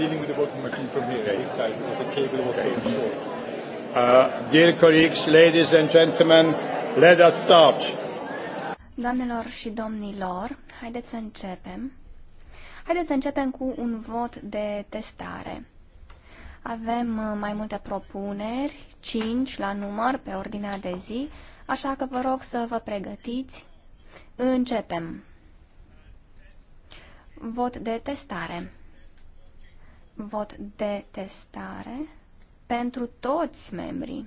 dealing with the voting machine from his side because the cable was okay. so short. Uh, dear colleagues, ladies and gentlemen, let us start. Doamnelor și domnilor, haideți să începem. Haideți să începem cu un vot de testare. Avem uh, mai multe propuneri, 5 la număr pe ordinea de zi, așa că vă rog să vă pregătiți. Începem. Vot de testare vot de testare pentru toți membrii.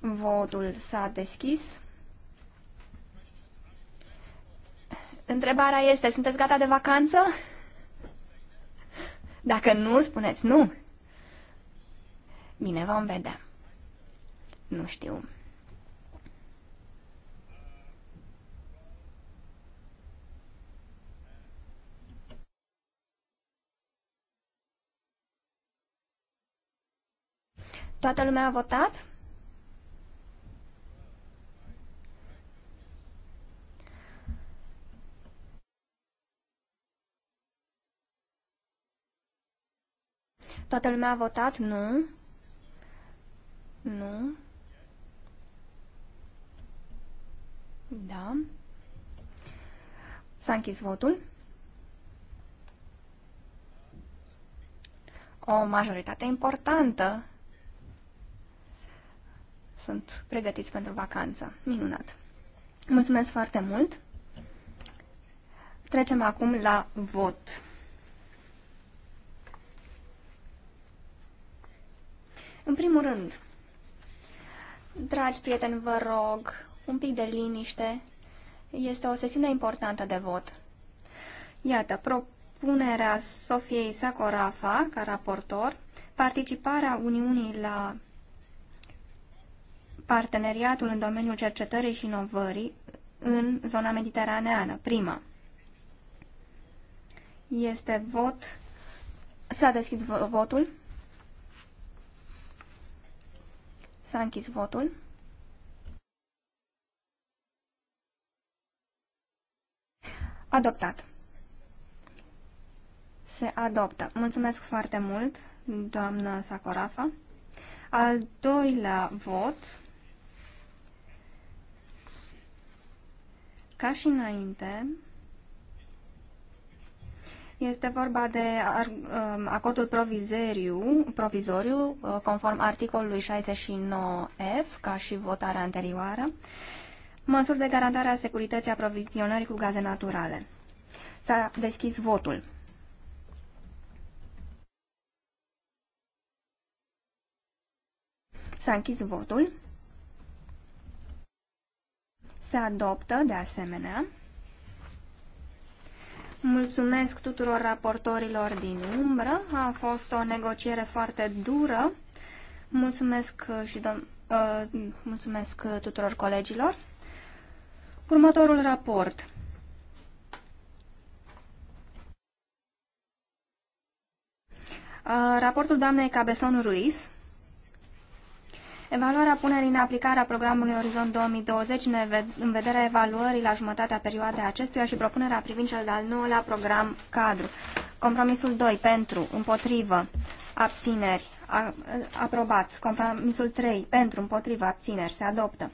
Votul s-a deschis. Întrebarea este, sunteți gata de vacanță? Dacă nu, spuneți nu. Bine, vom vedea. Nu știu. Toată lumea a votat? Toată lumea a votat? Nu. Nu. Da. S-a închis votul. O majoritate importantă sunt pregătiți pentru vacanță. Minunat! Mulțumesc foarte mult! Trecem acum la vot. În primul rând, dragi prieteni, vă rog un pic de liniște. Este o sesiune importantă de vot. Iată, propunerea Sofiei Sacorafa, ca raportor, participarea Uniunii la parteneriatul în domeniul cercetării și inovării în zona mediteraneană. Prima. Este vot. S-a deschis votul. S-a închis votul. Adoptat. Se adoptă. Mulțumesc foarte mult, doamnă Sacorafa. Al doilea vot Ca și înainte, este vorba de um, acordul provizoriu, provizoriu uh, conform articolului 69F, ca și votarea anterioară, măsuri de garantare a securității aprovizionării cu gaze naturale. S-a deschis votul. S-a închis votul se adoptă, de asemenea. Mulțumesc tuturor raportorilor din umbră. A fost o negociere foarte dură. Mulțumesc și uh, mulțumesc tuturor colegilor. Următorul raport. Uh, raportul doamnei Cabeson Ruiz Evaluarea punerii în aplicare a programului Orizont 2020 în vederea evaluării la jumătatea perioadei acestuia și propunerea privind cel de-al nouălea program cadru. Compromisul 2 pentru, împotrivă, abțineri, a, aprobat. Compromisul 3 pentru, împotrivă, abțineri, se adoptă.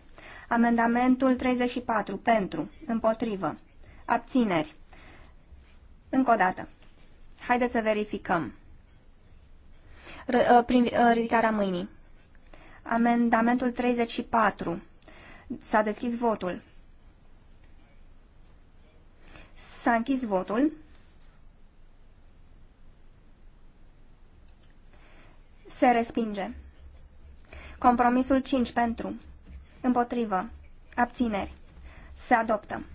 Amendamentul 34 pentru, împotrivă, abțineri. Încă o dată. Haideți să verificăm. R uh, prin uh, ridicarea mâinii. Amendamentul 34. S-a deschis votul. S-a închis votul. Se respinge. Compromisul 5 pentru. Împotrivă. Abțineri. Se adoptă.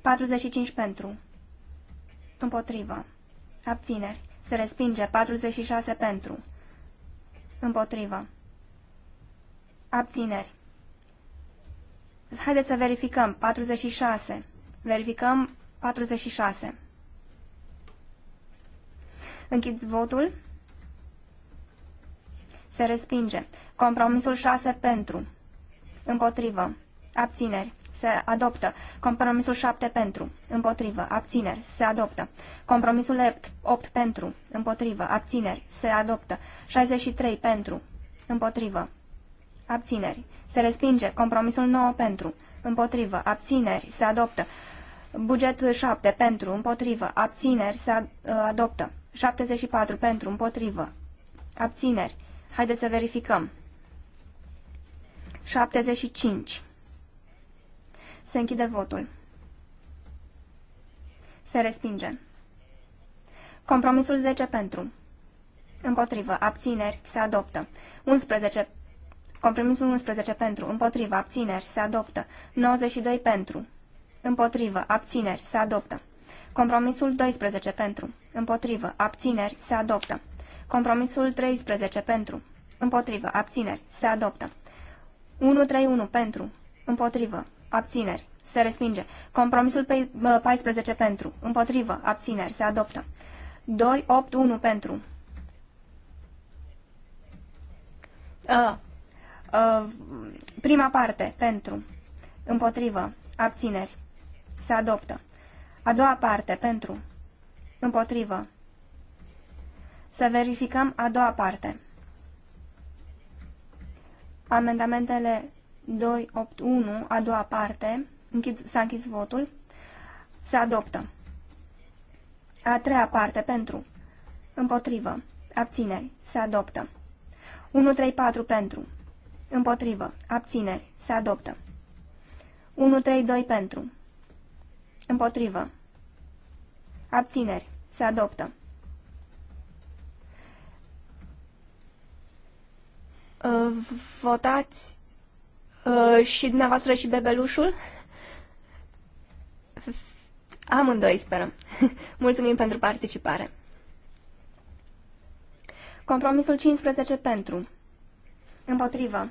45 pentru. Împotrivă. Abțineri. Se respinge. 46 pentru. Împotrivă. Abțineri. Haideți să verificăm. 46. Verificăm 46. Închideți votul. Se respinge. Compromisul 6 pentru. Împotrivă. Abțineri se adoptă. Compromisul 7 pentru, împotrivă, abțineri, se adoptă. Compromisul 8 pentru, împotrivă, abțineri, se adoptă. 63 pentru, împotrivă, abțineri, se respinge. Compromisul 9 pentru, împotrivă, abțineri, se adoptă. Buget 7 pentru, împotrivă, abțineri, se adoptă. 74 pentru, împotrivă, abțineri. Haideți să verificăm. 75. Se închide votul. Se respinge. Compromisul 10 pentru. Împotrivă. Abțineri. Se adoptă. 11. Compromisul 11 pentru. Împotrivă. Abțineri. Se adoptă. 92 pentru. Împotrivă. Abțineri. Se adoptă. Compromisul 12 pentru. Împotrivă. Abțineri. Se adoptă. Compromisul 13 pentru. Împotrivă. Abțineri. Se adoptă. 131 pentru. Împotrivă abțineri, se respinge. Compromisul pe 14 pentru, împotrivă, abțineri, se adoptă. 2, 8, 1 pentru. A, a, prima parte, pentru, împotrivă, abțineri, se adoptă. A doua parte, pentru, împotrivă. Să verificăm a doua parte. Amendamentele 281, a doua parte, s-a închis votul, se adoptă. A treia parte, pentru, împotrivă, abțineri, se adoptă. 134 pentru, împotrivă, abțineri, se adoptă. 132 pentru, împotrivă, abțineri, se adoptă. Votați Uh, și dumneavoastră și bebelușul? Amândoi, sperăm. Mulțumim pentru participare. Compromisul 15 pentru. Împotrivă.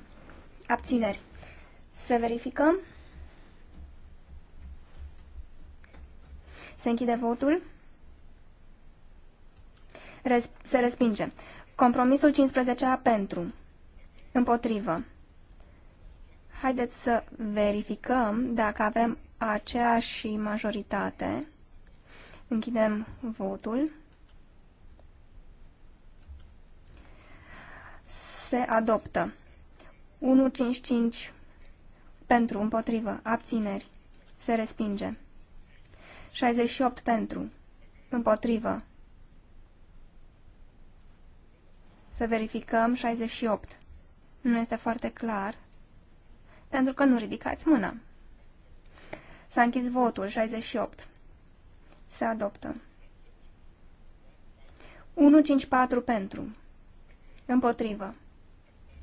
Abțineri. Să verificăm. Se închide votul. Res se respinge. Compromisul 15A pentru. Împotrivă. Haideți să verificăm dacă avem aceeași majoritate. Închidem votul. Se adoptă. 155 pentru, împotrivă, abțineri. Se respinge. 68 pentru, împotrivă. Să verificăm 68. Nu este foarte clar pentru că nu ridicați mâna. S-a închis votul 68. Se adoptă. 154 pentru. Împotrivă.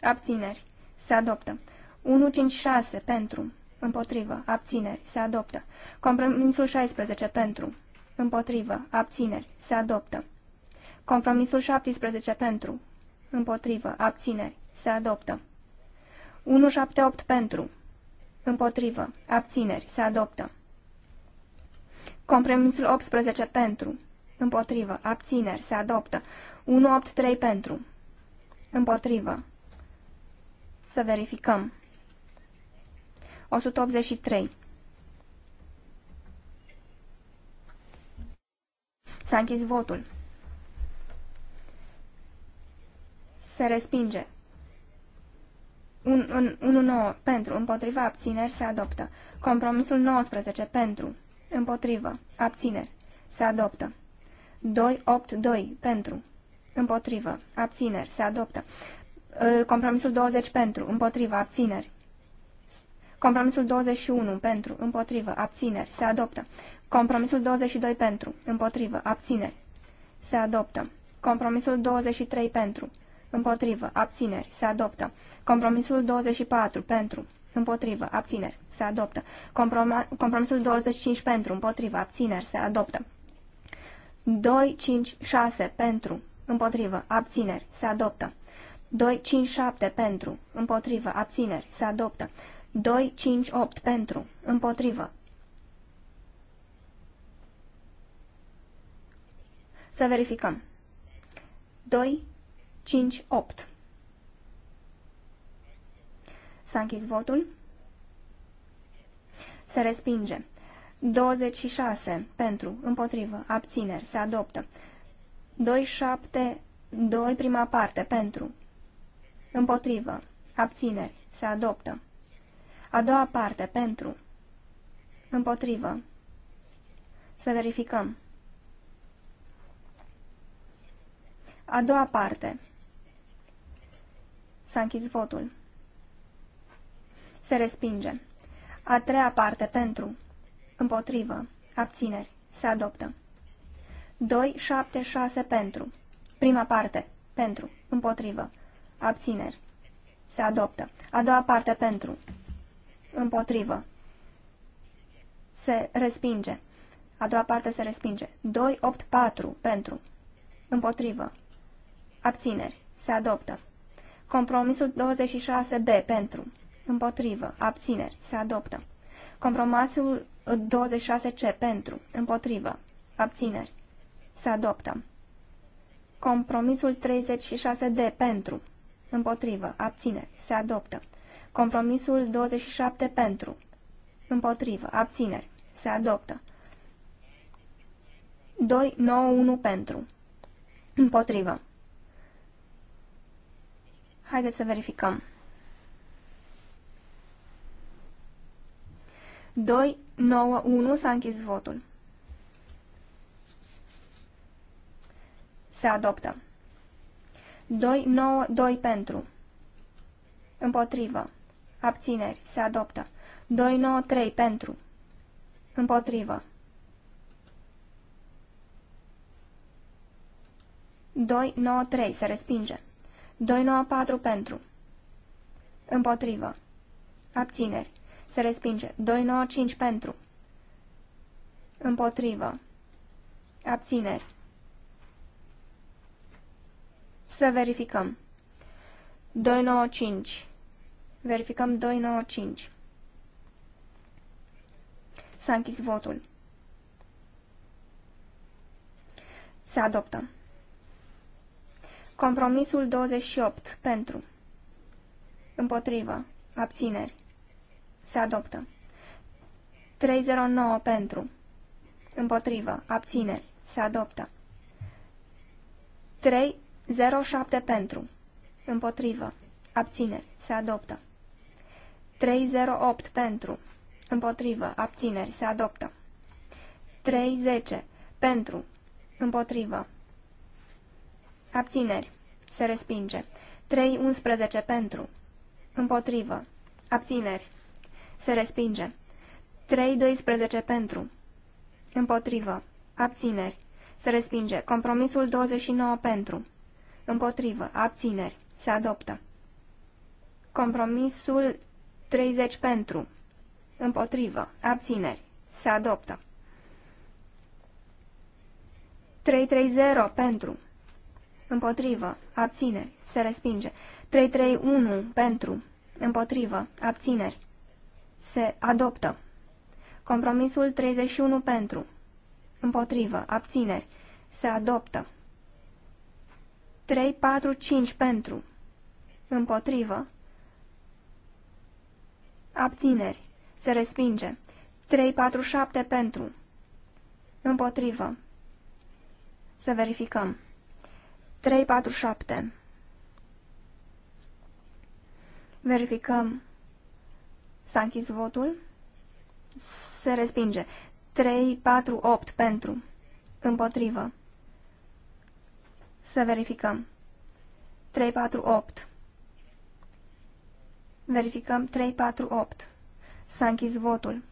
Abțineri. Se adoptă. 156 pentru. Împotrivă. Abțineri. Se adoptă. Compromisul 16 pentru. Împotrivă. Abțineri. Se adoptă. Compromisul 17 pentru. Împotrivă. Abțineri. Se adoptă. 178 pentru. Împotrivă. Abțineri. Se adoptă. Compromisul 18 pentru. Împotrivă. Abțineri. Se adoptă. 183 pentru. Împotrivă. Să verificăm. 183. S-a închis votul. Se respinge un, un, 9 pentru, împotriva abțineri se adoptă. Compromisul 19 pentru, împotrivă, abțineri se adoptă. 2-8-2 pentru, împotrivă, abțineri se adoptă. Compromisul 20 pentru, împotriva abțineri. Compromisul 21 pentru, împotrivă, abțineri se adoptă. Compromisul 22 pentru, împotrivă, abțineri se adoptă. Compromisul 23 pentru, Împotrivă. Abțineri. Se adoptă. Compromisul 24. Pentru. Împotrivă. Abțineri. Se adoptă. Comproma compromisul 25. Pentru. Împotrivă. Abțineri. Se adoptă. 2, 5, 6. Pentru. Împotrivă. Abțineri. Se adoptă. 2, 5, 7. Pentru. Împotrivă. Abțineri. Se adoptă. 2, 5, 8. Pentru. Împotrivă. Să verificăm. 2, 5-8. S-a închis votul. Se respinge. 26 pentru, împotrivă, abțineri, se adoptă. 27, 2 prima parte, pentru, împotrivă, abțineri, se adoptă. A doua parte, pentru, împotrivă. Să verificăm. A doua parte. S-a închis votul. Se respinge. A treia parte pentru. Împotrivă. Abțineri. Se adoptă. 2, 7, 6 pentru. Prima parte. Pentru. Împotrivă. Abțineri. Se adoptă. A doua parte pentru. Împotrivă. Se respinge. A doua parte se respinge. 2, 8, 4 pentru. Împotrivă. Abțineri. Se adoptă. Compromisul 26B pentru. Împotrivă. Abțineri. Se adoptă. Compromisul 26C pentru. Împotrivă. Abțineri. Se adoptă. Compromisul 36D pentru. Împotrivă. Abțineri. Se adoptă. Compromisul 27 pentru. Împotrivă. Abțineri. Se adoptă. 291 pentru. Împotrivă. Haideți să verificăm. 2, 9, 1 s-a închis votul. Se adoptă. 2, 9, 2 pentru. Împotrivă. Abțineri. Se adoptă. 2, 9, 3 pentru. Împotrivă. 2, 9, 3 se respinge. 294 pentru. Împotrivă. Abțineri. Se respinge. 295 pentru. Împotrivă. Abțineri. Să verificăm. 295. Verificăm 295. S-a închis votul. Se adoptă. Compromisul 28. Pentru. Împotrivă. Abțineri. Se adoptă. 309 pentru. Împotrivă. Abțineri. Se adoptă. 307 pentru. Împotrivă. Abțineri. Se adoptă. 308 pentru. Împotrivă. Abțineri. Se adoptă. 310 pentru. Împotrivă. Abțineri. Se respinge. 3.11 pentru. Împotrivă. Abțineri. Se respinge. 3.12 pentru. Împotrivă. Abțineri. Se respinge. Compromisul 29 pentru. Împotrivă. Abțineri. Se adoptă. Compromisul 30 pentru. Împotrivă. Abțineri. Se adoptă. 330 pentru împotrivă, abțineri, se respinge. 331 pentru, împotrivă, abțineri, se adoptă. Compromisul 31 pentru, împotrivă, abțineri, se adoptă. 345 pentru, împotrivă, abțineri, se respinge. 347 pentru, împotrivă, să verificăm. 347. Verificăm. S-a închis votul. Se respinge. 3, 4, 8 pentru. Împotrivă. Să verificăm. 3, 4, 8. Verificăm 3, 4, 8. S-a închis votul.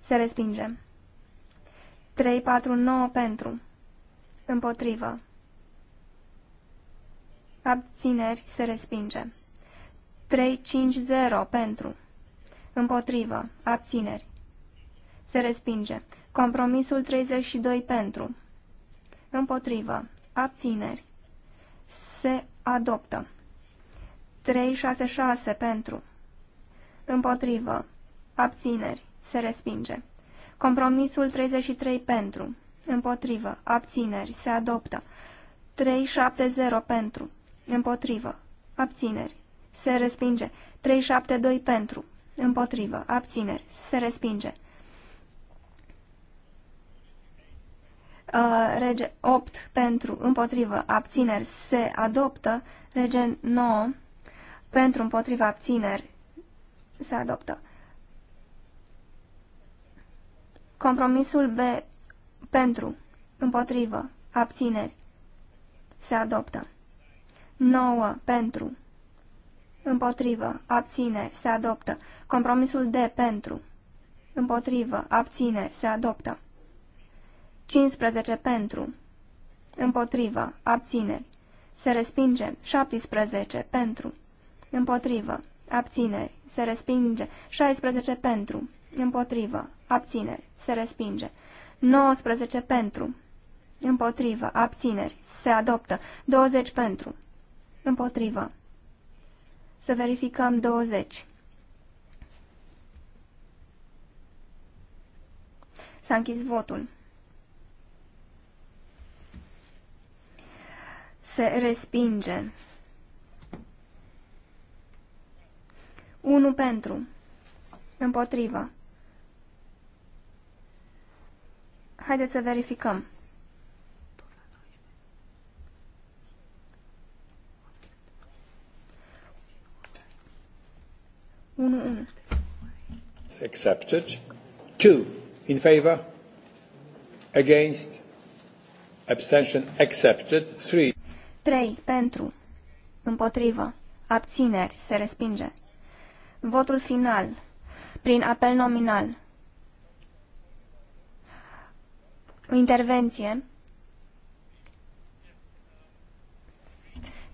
Se respinge. 3, 4, 9 pentru. Împotrivă. Abțineri se respinge. 3-5-0 pentru. Împotrivă. Abțineri. Se respinge. Compromisul 32 pentru. Împotrivă. Abțineri. Se adoptă. 366 pentru. Împotrivă. Abțineri. Se respinge. Compromisul 33 pentru. Împotrivă. Abțineri. Se adoptă. 370 pentru. Împotrivă. Abțineri. Se respinge. 372 pentru. Împotrivă. Abțineri. Se respinge. Uh, rege 8 pentru. Împotrivă. Abțineri. Se adoptă. Rege 9 pentru. Împotrivă. Abțineri. Se adoptă. Compromisul B pentru. Împotrivă. Abțineri. Se adoptă. 9. Pentru. Împotrivă. Abțineri. Se adoptă. Compromisul D. Pentru. Împotrivă. Abțineri. Se adoptă. 15. Pentru. Împotrivă. Abțineri. Se respinge. 17. Pentru. Împotrivă. Abțineri. Se respinge. 16. Pentru. Împotrivă. Abțineri. Se respinge. 19 pentru. Împotrivă. Abțineri. Se adoptă. 20 pentru. Împotrivă. Să verificăm 20. S-a închis votul. Se respinge. 1 pentru. Împotrivă. Haideți să verificăm. Unu, It's accepted. Two. In favor. Against. Abstention accepted. Three. Trei. Pentru. Împotrivă. Abțineri. Se respinge. Votul final. Prin apel nominal. intervenție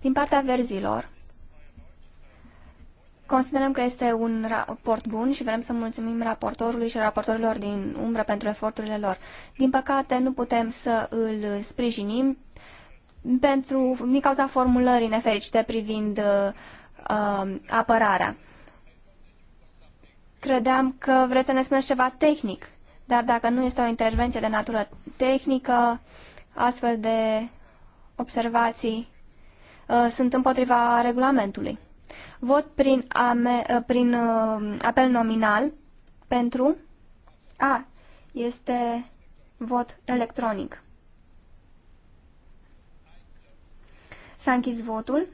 din partea verzilor. Considerăm că este un raport bun și vrem să mulțumim raportorului și raportorilor din umbră pentru eforturile lor. Din păcate, nu putem să îl sprijinim pentru, din cauza formulării nefericite privind uh, uh apărarea. Credeam că vreți să ne spuneți ceva tehnic dar dacă nu este o intervenție de natură tehnică, astfel de observații uh, sunt împotriva regulamentului. Vot prin, ame, uh, prin uh, apel nominal pentru A. Este vot electronic. S-a închis votul.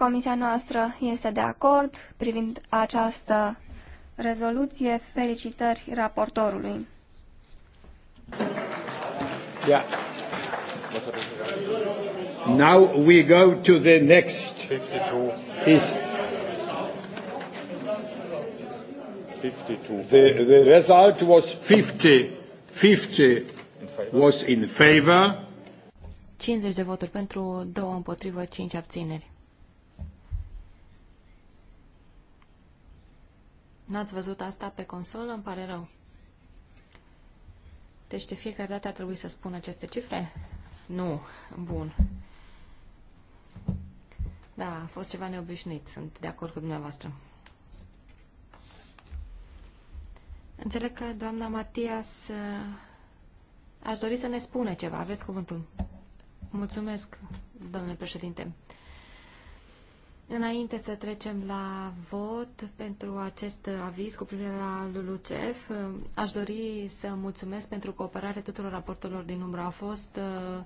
Comisia noastră este de acord privind această rezoluție. Felicitări raportorului. Yeah. Now we go to the next. 52. Is The, the result was 50. 50 was in favor. 50 de voturi pentru, 2 împotrivă, 5 abțineri. N-ați văzut asta pe consolă? Îmi pare rău. Deci de fiecare dată a trebuit să spun aceste cifre? Nu. Bun. Da, a fost ceva neobișnuit. Sunt de acord cu dumneavoastră. Înțeleg că doamna Matias uh, aș dori să ne spune ceva. Aveți cuvântul. Mulțumesc, domnule președinte. Înainte să trecem la vot pentru acest aviz cu privire la LULUCEF, aș dori să mulțumesc pentru cooperare tuturor raportorilor din umbră. A fost uh,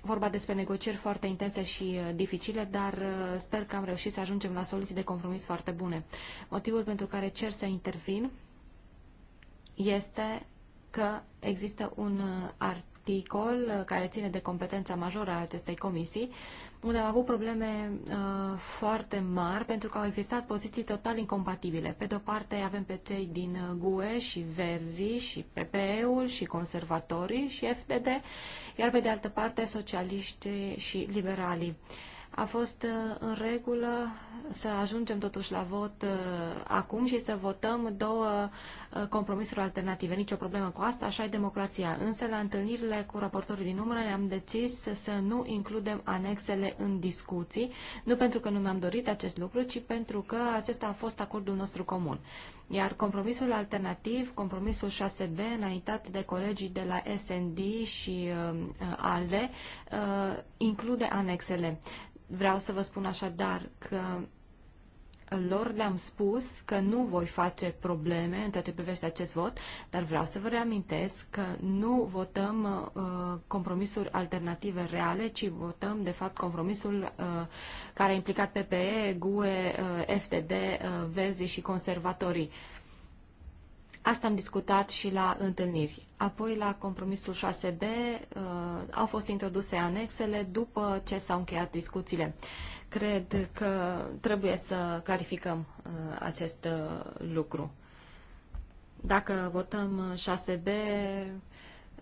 vorba despre negocieri foarte intense și uh, dificile, dar uh, sper că am reușit să ajungem la soluții de compromis foarte bune. Motivul pentru care cer să intervin este că există un articol articol care ține de competența majoră a acestei comisii, unde am avut probleme uh, foarte mari pentru că au existat poziții total incompatibile. Pe de-o parte avem pe cei din uh, GUE și Verzi și PPE-ul și conservatorii și FDD, iar pe de altă parte socialiștii și liberalii. Uh, a fost uh, în regulă să ajungem totuși la vot uh, acum și să votăm două uh, compromisuri alternative. Nici o problemă cu asta, așa e democrația. Însă la întâlnirile cu raportorii din număr, ne-am decis să nu includem anexele în discuții, nu pentru că nu mi-am dorit acest lucru, ci pentru că acesta a fost acordul nostru comun. Iar compromisul alternativ, compromisul 6B, înaintat de colegii de la SND și uh, ALDE, uh, include anexele. Vreau să vă spun așadar că lor le-am spus că nu voi face probleme în ceea ce privește acest vot, dar vreau să vă reamintesc că nu votăm uh, compromisuri alternative reale, ci votăm, de fapt, compromisul uh, care a implicat PPE, GUE, uh, FTD, uh, Verzi și conservatorii. Uh, Asta am discutat și la întâlniri. Apoi, la compromisul 6B, uh, au fost introduse anexele după ce s-au încheiat discuțiile. Cred că trebuie să clarificăm uh, acest uh, lucru. Dacă votăm 6B,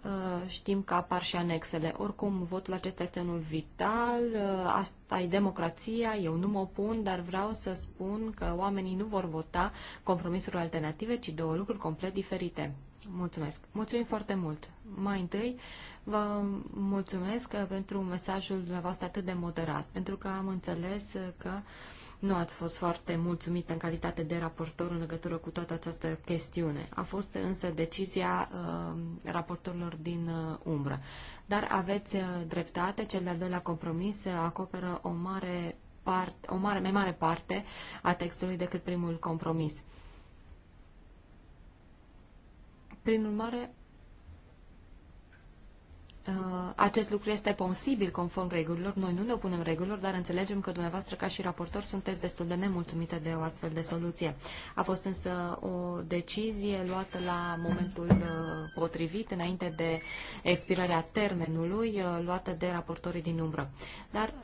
Uh, știm că apar și anexele. Oricum, votul acesta este unul vital, uh, asta e democrația, eu nu mă opun, dar vreau să spun că oamenii nu vor vota compromisuri alternative, ci două lucruri complet diferite. Mulțumesc. Mulțumim foarte mult. Mai întâi, vă mulțumesc uh, pentru mesajul dumneavoastră atât de moderat, pentru că am înțeles că uh, nu ați fost foarte mulțumită în calitate de raportor în legătură cu toată această chestiune. A fost însă decizia uh, raportorilor din uh, umbră. Dar aveți uh, dreptate, cel de-al doilea compromis uh, acoperă o mare part, o mare, mai mare parte a textului decât primul compromis. Prin urmare, Uh, acest lucru este posibil conform regulilor. Noi nu ne opunem regulilor, dar înțelegem că dumneavoastră ca și raportor sunteți destul de nemulțumite de o astfel de soluție. A fost însă o decizie luată la momentul uh, potrivit, înainte de expirarea termenului, uh, luată de raportorii din umbră. Dar,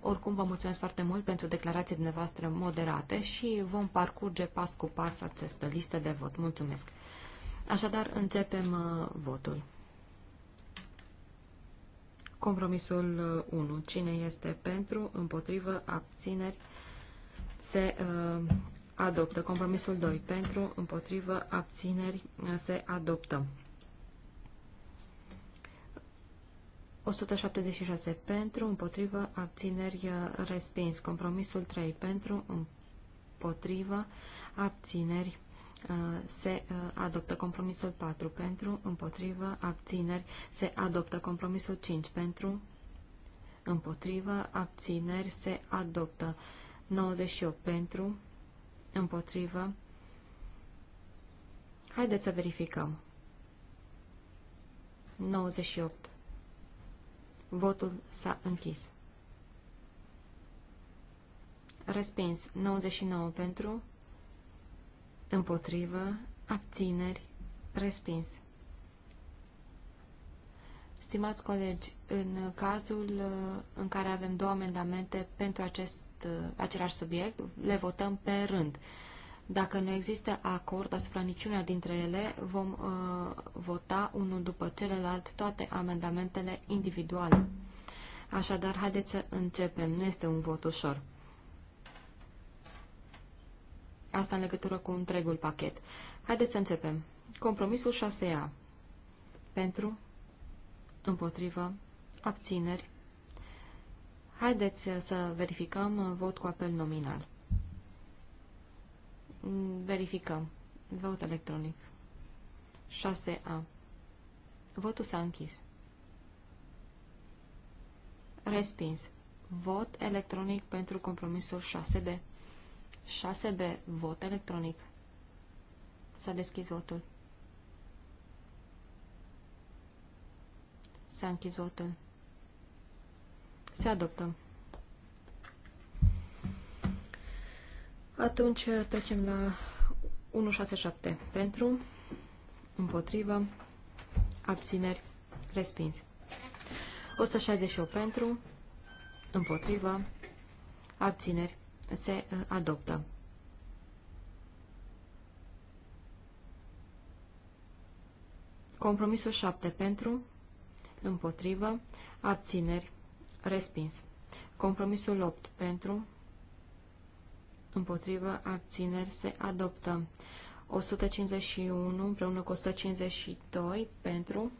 oricum, vă mulțumesc foarte mult pentru declarații dumneavoastră moderate și vom parcurge pas cu pas această listă de vot. Mulțumesc! Așadar, începem votul. Compromisul 1. Uh, Cine este pentru, împotrivă, abțineri, se uh, adoptă. Compromisul 2. Pentru, împotrivă, abțineri, uh, se adoptă. 176 pentru, împotrivă, abțineri, uh, respins. Compromisul 3 pentru, împotrivă, abțineri, Uh, se uh, adoptă compromisul 4 pentru, împotrivă, abțineri, se adoptă compromisul 5 pentru, împotrivă, abțineri, se adoptă 98 pentru, împotrivă. Haideți să verificăm. 98. Votul s-a închis. Respins 99 pentru, împotrivă, abțineri, respins. Stimați colegi, în cazul uh, în care avem două amendamente pentru acest, uh, același subiect, le votăm pe rând. Dacă nu există acord asupra niciuna dintre ele, vom uh, vota unul după celălalt toate amendamentele individuale. Așadar, haideți să începem. Nu este un vot ușor. Asta în legătură cu întregul pachet. Haideți să începem. Compromisul 6A. Pentru, împotrivă, abțineri. Haideți să verificăm vot cu apel nominal. Verificăm. Vot electronic. 6A. Votul s-a închis. Respins. Vot electronic pentru compromisul 6B. 6B. Vot electronic. S-a deschis votul. S-a închis votul. Se adoptă. Atunci trecem la 167. Pentru, împotrivă, abțineri, respins. 168 pentru, împotrivă, abțineri, se uh, adoptă. Compromisul 7 pentru, împotrivă, abțineri, respins. Compromisul 8 pentru, împotrivă, abțineri, se adoptă. 151 împreună cu 152 pentru,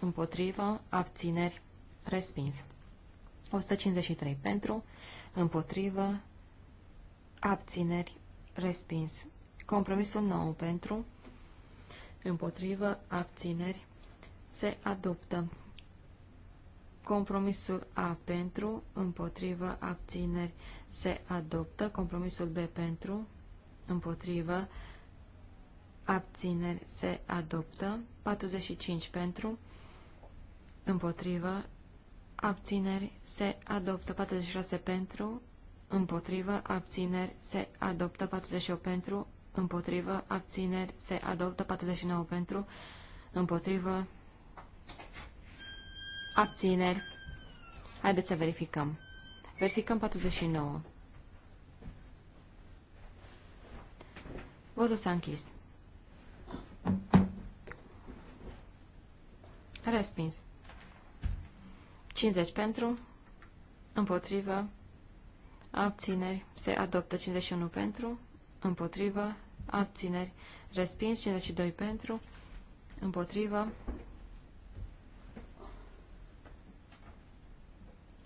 împotrivă, abțineri, respins. 153 pentru, împotrivă, Abțineri. Respins. Compromisul nou pentru. Împotrivă. Abțineri. Se adoptă. Compromisul A pentru. Împotrivă. Abțineri. Se adoptă. Compromisul B pentru. Împotrivă. Abțineri. Se adoptă. 45 pentru. Împotrivă. Abțineri. Se adoptă. 46 pentru împotrivă, abțineri, se adoptă 48 pentru, împotrivă, abțineri, se adoptă 49 pentru, împotrivă, abțineri. Haideți să verificăm. Verificăm 49. Votul s-a închis. Respins. 50 pentru, împotrivă, abțineri, se adoptă 51 pentru, împotrivă, abțineri, respins 52 pentru, împotrivă,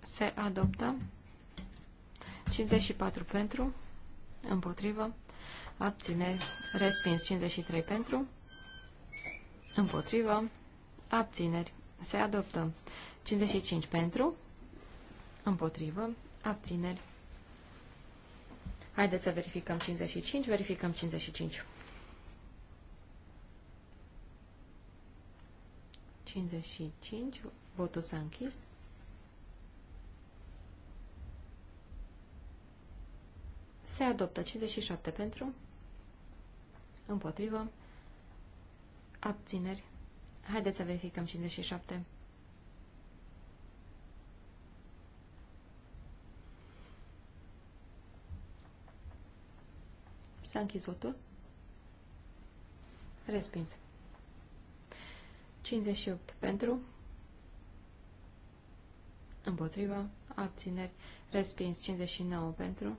se adoptă 54 pentru, împotrivă, abțineri, respins 53 pentru, împotrivă, abțineri, se adoptă 55 pentru, împotrivă, abțineri, Haideți să verificăm 55, verificăm 55. 55, votul s-a închis. Se adoptă 57 pentru, împotrivă, abțineri. Haideți să verificăm 57. S-a închis votul. Respins. 58 pentru. Împotriva. Abțineri. Respins. 59 pentru.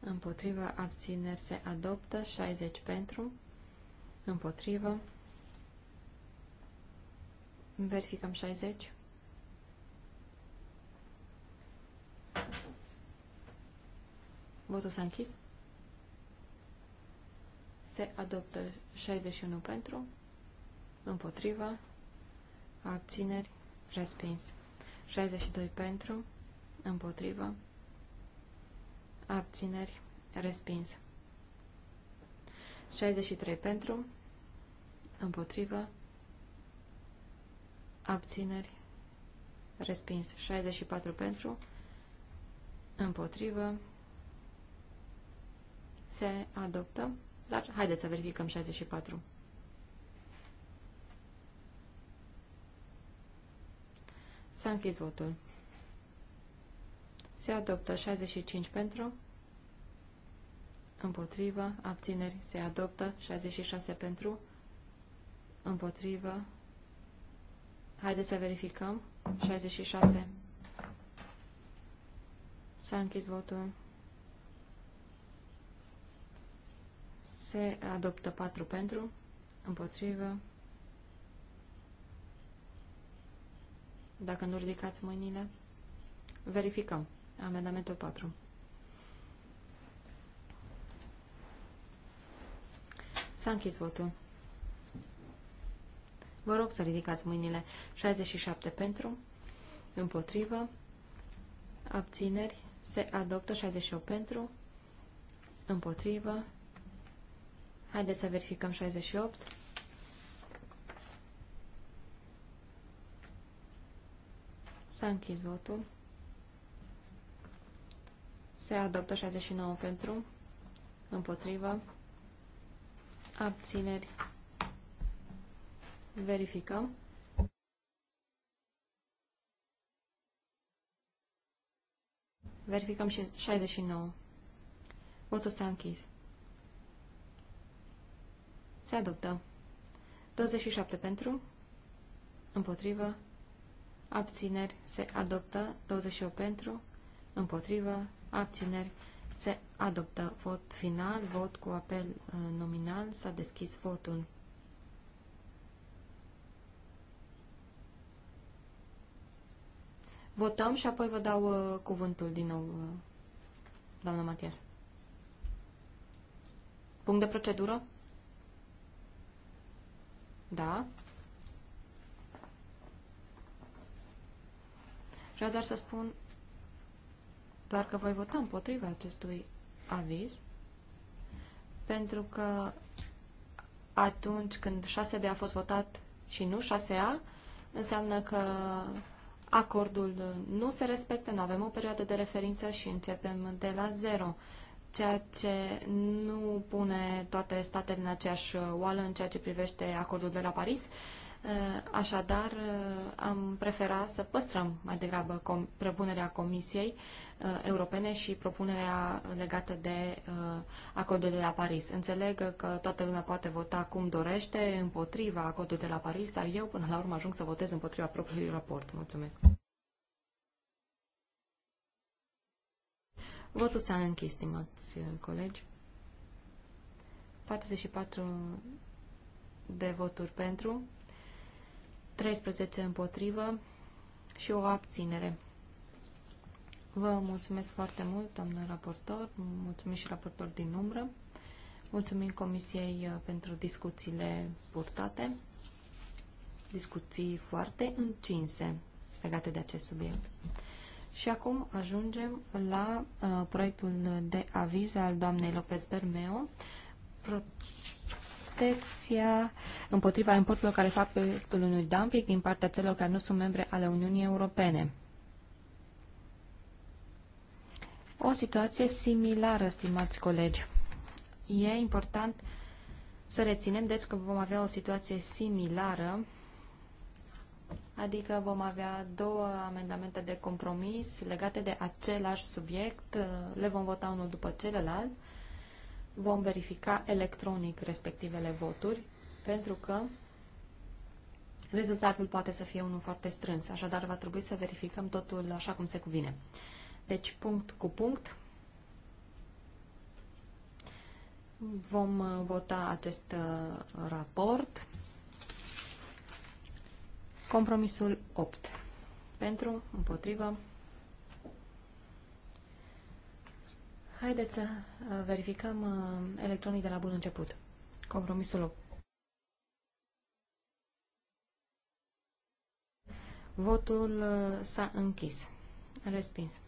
Împotriva. Abțineri. Se adoptă. 60 pentru. Împotriva. Verificăm 60. Votul s-a închis se adoptă 61 pentru, împotriva, abțineri, respins. 62 pentru, împotriva, abțineri, respins. 63 pentru, împotriva, abțineri, respins. 64 pentru, împotrivă, se adoptă. Dar haideți să verificăm 64. S-a închis votul. Se adoptă 65 pentru, împotrivă, abțineri. Se adoptă 66 pentru, împotrivă. Haideți să verificăm. 66. S-a închis votul. se adoptă 4 pentru, împotrivă. Dacă nu ridicați mâinile, verificăm. Amendamentul 4. S-a închis votul. Vă rog să ridicați mâinile. 67 pentru, împotrivă, abțineri, se adoptă 68 pentru, împotrivă, Haideți să verificăm 68. S-a închis votul. Se adoptă 69 pentru, împotrivă, abțineri. Verificăm. Verificăm și 69. Votul s-a închis. Se adoptă. 27 pentru. Împotrivă. Abțineri. Se adoptă. 28 pentru. Împotrivă. Abțineri. Se adoptă. Vot final. Vot cu apel uh, nominal. S-a deschis votul. Votăm și apoi vă dau uh, cuvântul din nou, uh, doamna Matias. Punct de procedură? Da. Vreau doar să spun doar că voi vota împotriva acestui aviz, pentru că atunci când 6B a fost votat și nu 6A, înseamnă că acordul nu se respectă, nu avem o perioadă de referință și începem de la zero ceea ce nu pune toate statele în aceeași uh, oală în ceea ce privește acordul de la Paris. Uh, așadar, uh, am preferat să păstrăm mai degrabă com propunerea Comisiei Europene și propunerea legată de acordul de la Paris. Înțeleg că toată lumea poate vota cum dorește împotriva acordului de la Paris, dar eu până la urmă ajung să votez împotriva propriului raport. Mulțumesc! Votul s-a închis, stimați uh, colegi. 44 de voturi pentru, 13 împotrivă și o abținere. Vă mulțumesc foarte mult, doamnă raportor, mulțumim și raportor din umbră, mulțumim Comisiei uh, pentru discuțiile purtate, discuții foarte încinse legate de acest subiect. Și acum ajungem la uh, proiectul de aviz al doamnei Lopez Bermeo, protecția împotriva importurilor care fac proiectul unui dumping din partea țărilor care nu sunt membre ale Uniunii Europene. O situație similară, stimați colegi. E important să reținem, deci, că vom avea o situație similară Adică vom avea două amendamente de compromis legate de același subiect, le vom vota unul după celălalt, vom verifica electronic respectivele voturi, pentru că rezultatul poate să fie unul foarte strâns, așadar va trebui să verificăm totul așa cum se cuvine. Deci, punct cu punct, vom vota acest uh, raport Compromisul 8. Pentru, împotrivă. Haideți să uh, verificăm uh, electronii de la bun început. Compromisul 8. Votul uh, s-a închis. Respins.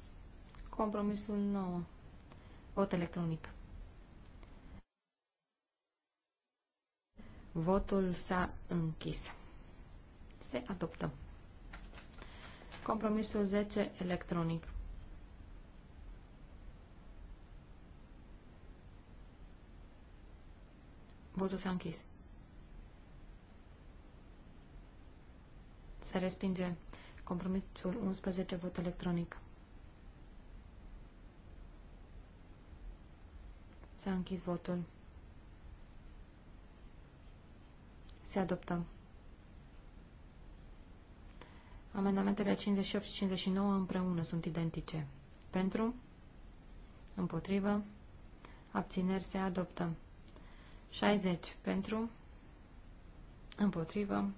Compromisul 9. Vot electronic. Votul s-a închis se adoptă. Compromisul 10 electronic. Votul s-a închis. Se respinge compromisul 11 vot electronic. S-a închis votul. Se adoptă. Amendamentele 58 și 59 împreună sunt identice. Pentru, împotrivă, abțineri se adoptă. 60 pentru, împotrivă.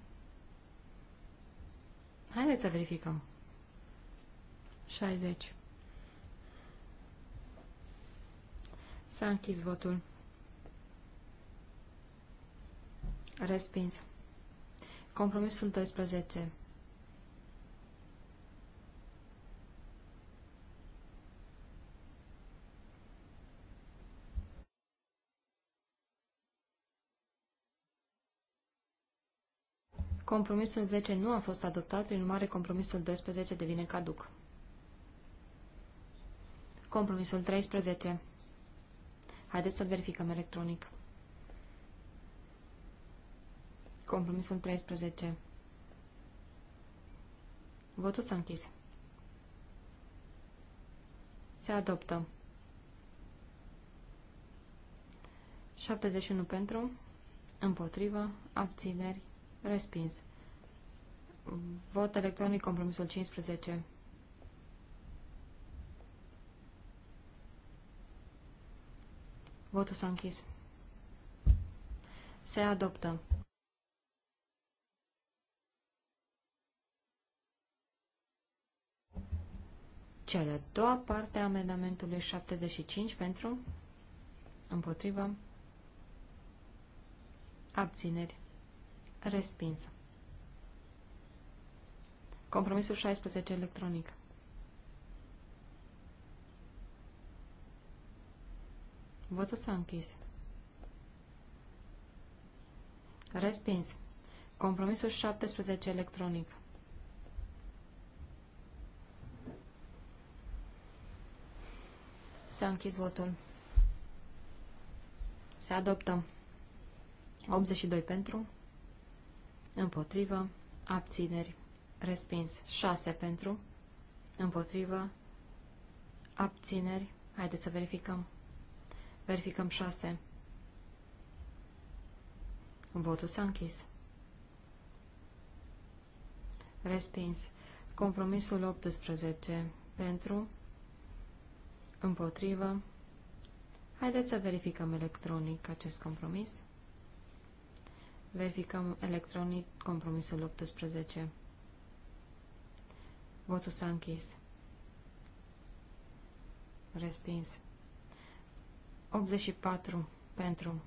Haideți să verificăm. 60. S-a închis votul. Respins. Compromisul 12. Compromisul 10 nu a fost adoptat, prin urmare compromisul 12 devine caduc. Compromisul 13. Haideți să verificăm electronic. Compromisul 13. Votul s-a închis. Se adoptă. 71 pentru, împotrivă, abțineri, Respins. Vot electronic, compromisul 15. Votul s-a închis. Se adoptă. Cea de-a doua parte a amendamentului 75 pentru, împotriva, abțineri. Respinsă. Compromisul 16 electronic. Votul s-a închis. Respins. Compromisul 17 electronic. S-a închis votul. Se adoptă. 82 pentru împotrivă, abțineri, respins 6 pentru, împotrivă, abțineri, haideți să verificăm, verificăm 6, votul s-a închis, respins, compromisul 18 pentru, împotrivă, haideți să verificăm electronic acest compromis, Verificăm electronic compromisul 18. Votul s-a închis. Respins. 84 pentru.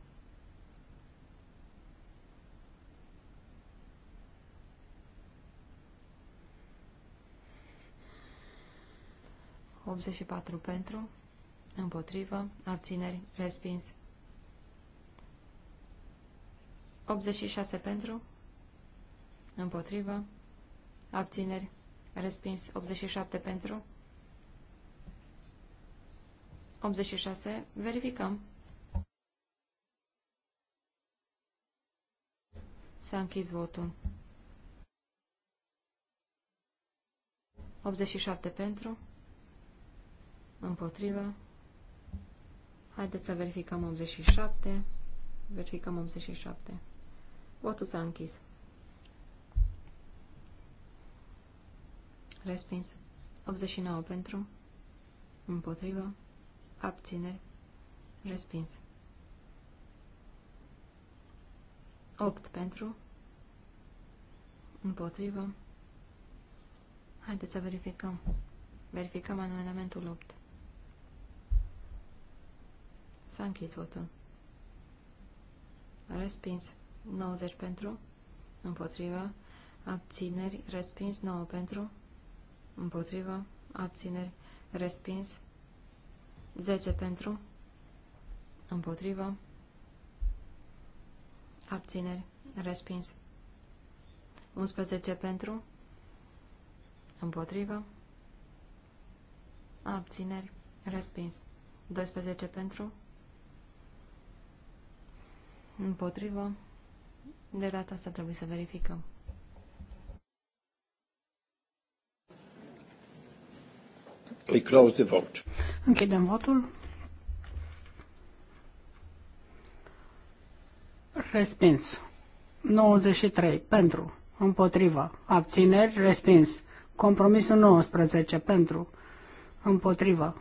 Optzeci și patru pentru, împotrivă, abțineri, respins, 86 pentru, împotrivă, abțineri, respins. 87 pentru, 86, verificăm. S-a închis votul. 87 pentru, împotrivă. Haideți să verificăm 87. Verificăm 87. Votul s-a închis. Respins. 89 pentru. Împotrivă. Abțineri. Respins. 8 pentru. Împotrivă. Haideți să verificăm. Verificăm amendamentul 8. S-a închis votul. Respins. 90 pentru, Împotrivă. abțineri, respins, 9 pentru, Împotrivă. abțineri, respins, 10 pentru, Împotrivă. abțineri, respins, 11 pentru, Împotrivă. abțineri, respins, 12 pentru, Împotrivă. De data asta trebuie să verificăm. We close the vote. Închidem votul. Respins. 93 pentru, împotriva, abțineri, respins. Compromisul 19 pentru, împotriva.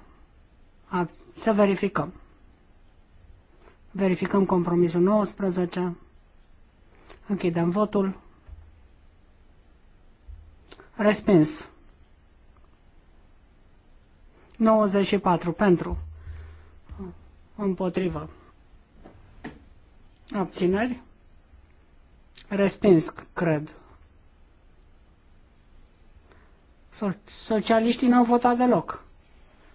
să verificăm. Verificăm compromisul 19. Închidem votul. Respins. 94 pentru. Împotrivă. Abțineri. Respins, cred. Socialiștii n-au votat deloc.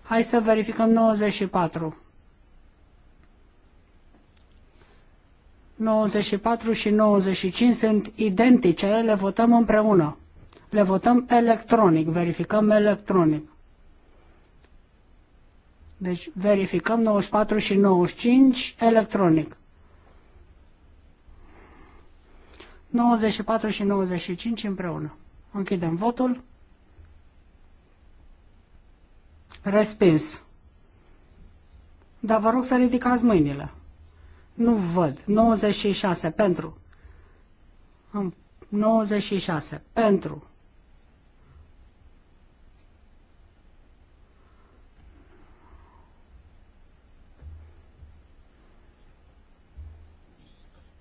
Hai să verificăm 94. 94 și 95 sunt identice, le votăm împreună. Le votăm electronic, verificăm electronic. Deci verificăm 94 și 95 electronic. 94 și 95 împreună. Închidem votul. Respins. Dar vă rog să ridicați mâinile. Nu văd. 96 pentru. 96 pentru.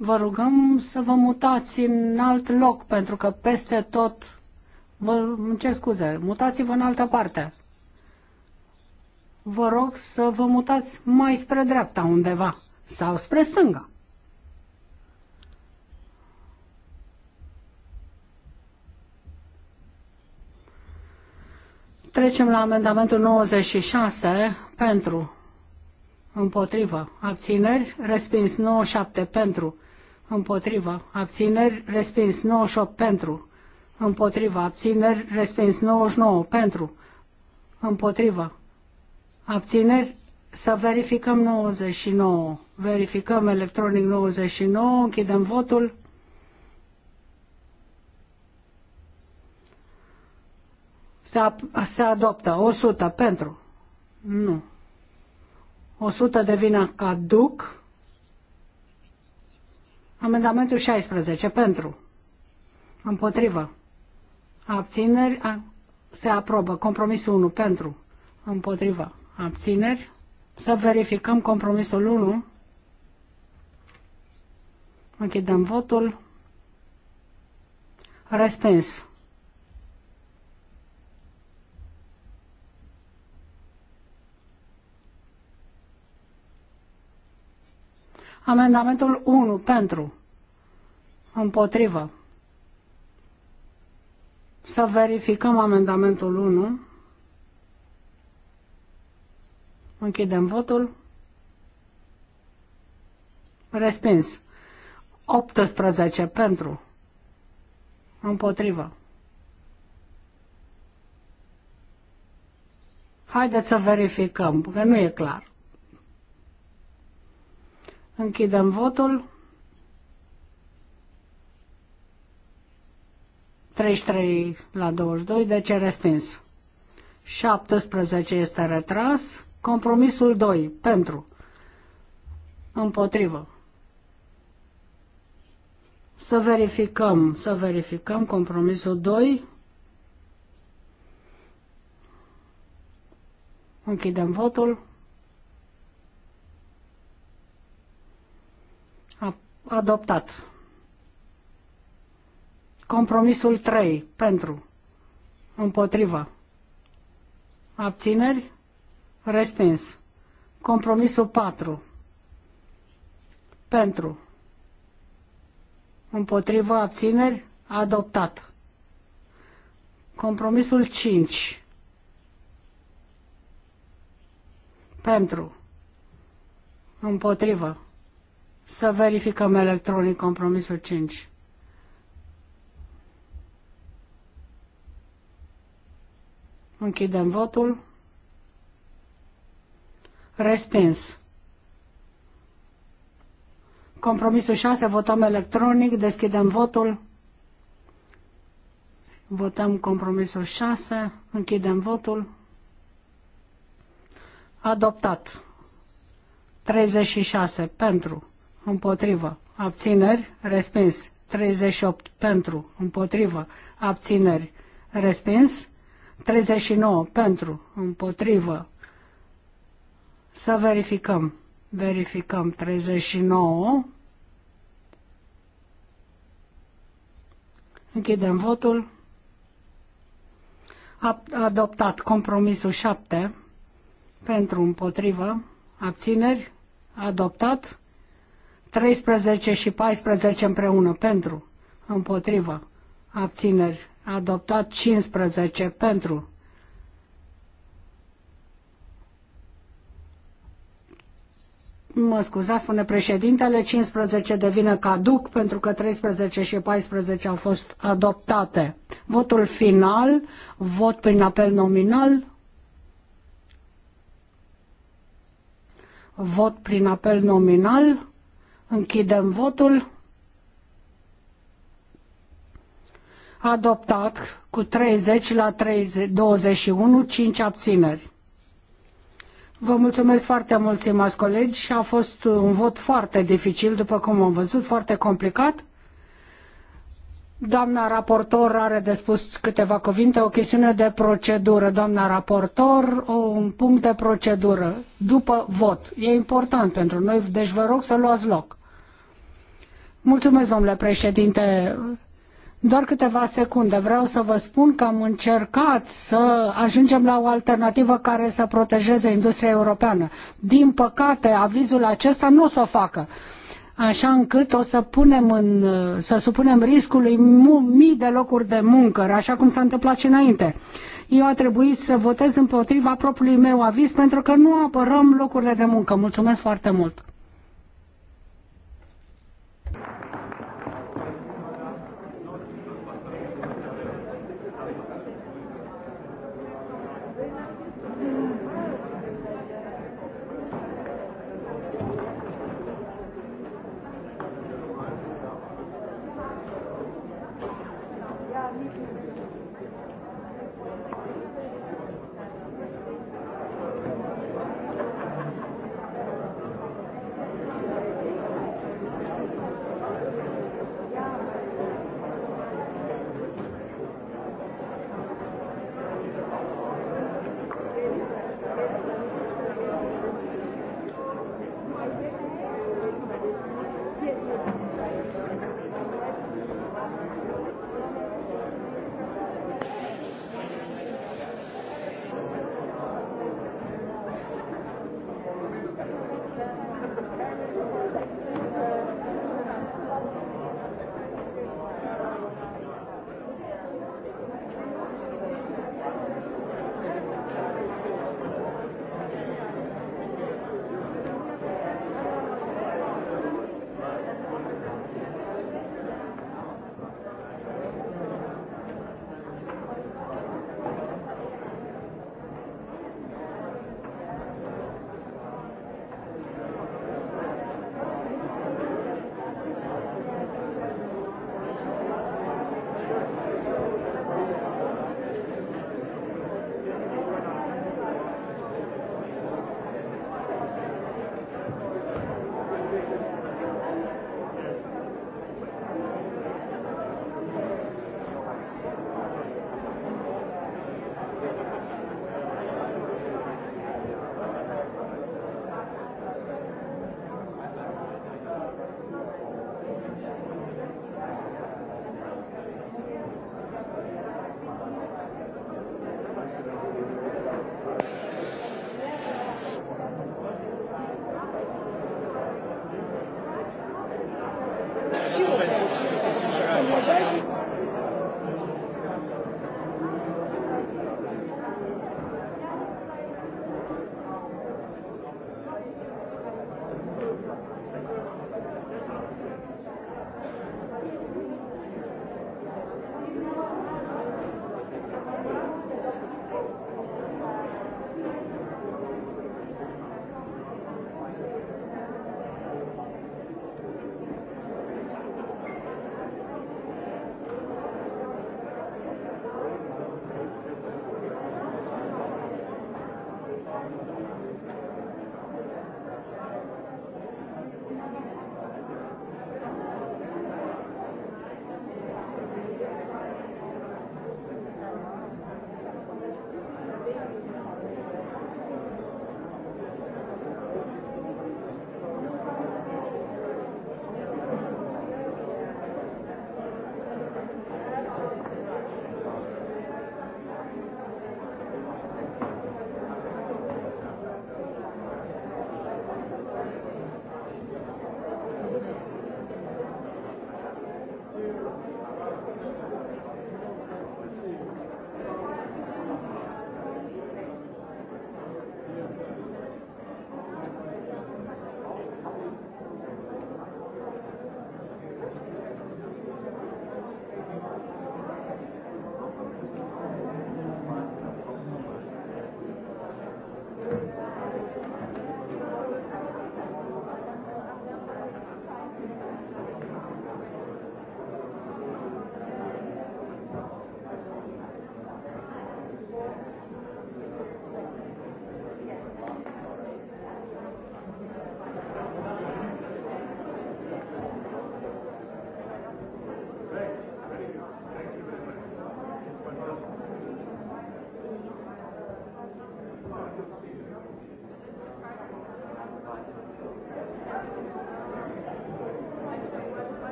Vă rugăm să vă mutați în alt loc, pentru că peste tot... Vă cer scuze, mutați-vă în altă parte. Vă rog să vă mutați mai spre dreapta undeva sau spre stânga. Trecem la amendamentul 96 pentru, împotrivă, abțineri, respins 97 pentru, împotrivă, abțineri, respins 98 pentru, împotrivă, abțineri, respins 99 pentru, împotrivă, abțineri, să verificăm 99. Verificăm electronic 99, închidem votul. Se, se adoptă 100 pentru. Nu. 100 devine caduc. Amendamentul 16 pentru. Împotrivă. Abțineri. A, se aprobă. Compromisul 1 pentru. Împotrivă. Abțineri. Să verificăm compromisul 1. Ok, dăm votul. Respens. Amendamentul 1 pentru. Împotrivă. Să verificăm amendamentul 1. Închidem votul. Respins. 18 pentru. Împotrivă. Haideți să verificăm, că nu e clar. Închidem votul. 33 la 22, deci e respins. 17 este retras. Compromisul 2, pentru. Împotrivă. Să verificăm, să verificăm compromisul 2. Închidem votul. Adoptat. Compromisul 3. Pentru. Împotriva. Abțineri. Respins. Compromisul 4. Pentru. Împotrivă abțineri? Adoptat. Compromisul 5. Pentru. Împotrivă. Să verificăm electronic compromisul 5. Închidem votul. Respins. Compromisul 6, votăm electronic, deschidem votul. Votăm compromisul 6, închidem votul. Adoptat. 36 pentru, împotrivă, abțineri, respins. 38 pentru, împotrivă, abțineri, respins. 39 pentru, împotrivă. Să verificăm. Verificăm 39. Închidem votul. A adoptat compromisul 7 pentru împotrivă. Abțineri. Adoptat. 13 și 14 împreună pentru împotrivă. Abțineri. Adoptat 15 pentru mă scuzați, spune președintele, 15 devină caduc pentru că 13 și 14 au fost adoptate. Votul final, vot prin apel nominal, vot prin apel nominal, închidem votul. Adoptat cu 30 la 30, 21, 5 abțineri. Vă mulțumesc foarte mult, stimați colegi, și a fost un vot foarte dificil, după cum am văzut, foarte complicat. Doamna raportor are de spus câteva cuvinte, o chestiune de procedură. Doamna raportor, un punct de procedură după vot. E important pentru noi, deci vă rog să luați loc. Mulțumesc, domnule președinte. Doar câteva secunde. Vreau să vă spun că am încercat să ajungem la o alternativă care să protejeze industria europeană. Din păcate, avizul acesta nu o să o facă așa încât o să punem în, să supunem riscului mii de locuri de muncă, așa cum s-a întâmplat și înainte. Eu a trebuit să votez împotriva propriului meu aviz pentru că nu apărăm locurile de muncă. Mulțumesc foarte mult!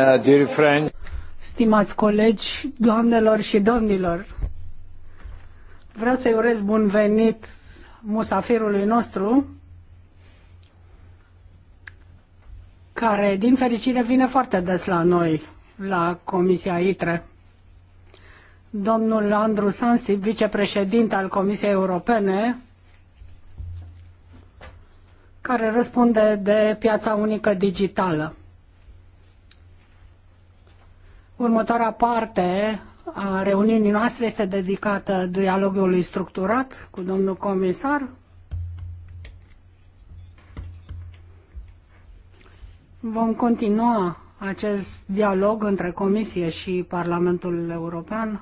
Uh, dear friend. Stimați colegi, doamnelor și domnilor, vreau să-i urez bun venit musafirului nostru, care, din fericire, vine foarte des la noi, la Comisia ITRE. Domnul Andru Sansi, vicepreședinte al Comisiei Europene, care răspunde de piața unică digitală. Următoarea parte a reuniunii noastre este dedicată dialogului structurat cu domnul comisar. Vom continua acest dialog între Comisie și Parlamentul European.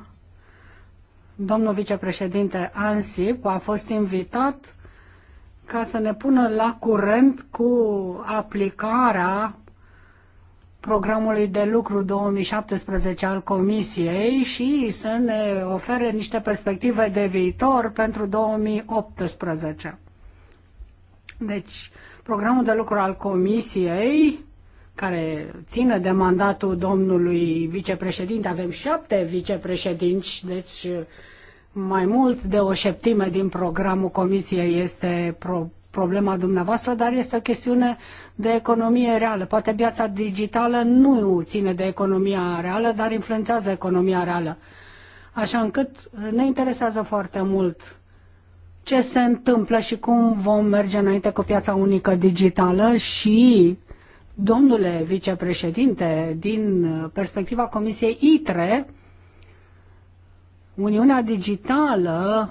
Domnul vicepreședinte Ansip a fost invitat ca să ne pună la curent cu aplicarea programului de lucru 2017 al Comisiei și să ne ofere niște perspective de viitor pentru 2018. Deci, programul de lucru al Comisiei, care ține de mandatul domnului vicepreședinte, avem șapte vicepreședinți, deci mai mult de o șeptime din programul Comisiei este pro problema dumneavoastră, dar este o chestiune de economie reală. Poate piața digitală nu ține de economia reală, dar influențează economia reală. Așa încât uh, ne interesează foarte mult ce se întâmplă și cum vom merge înainte cu piața unică digitală și, domnule vicepreședinte, din uh, perspectiva Comisiei ITRE, Uniunea Digitală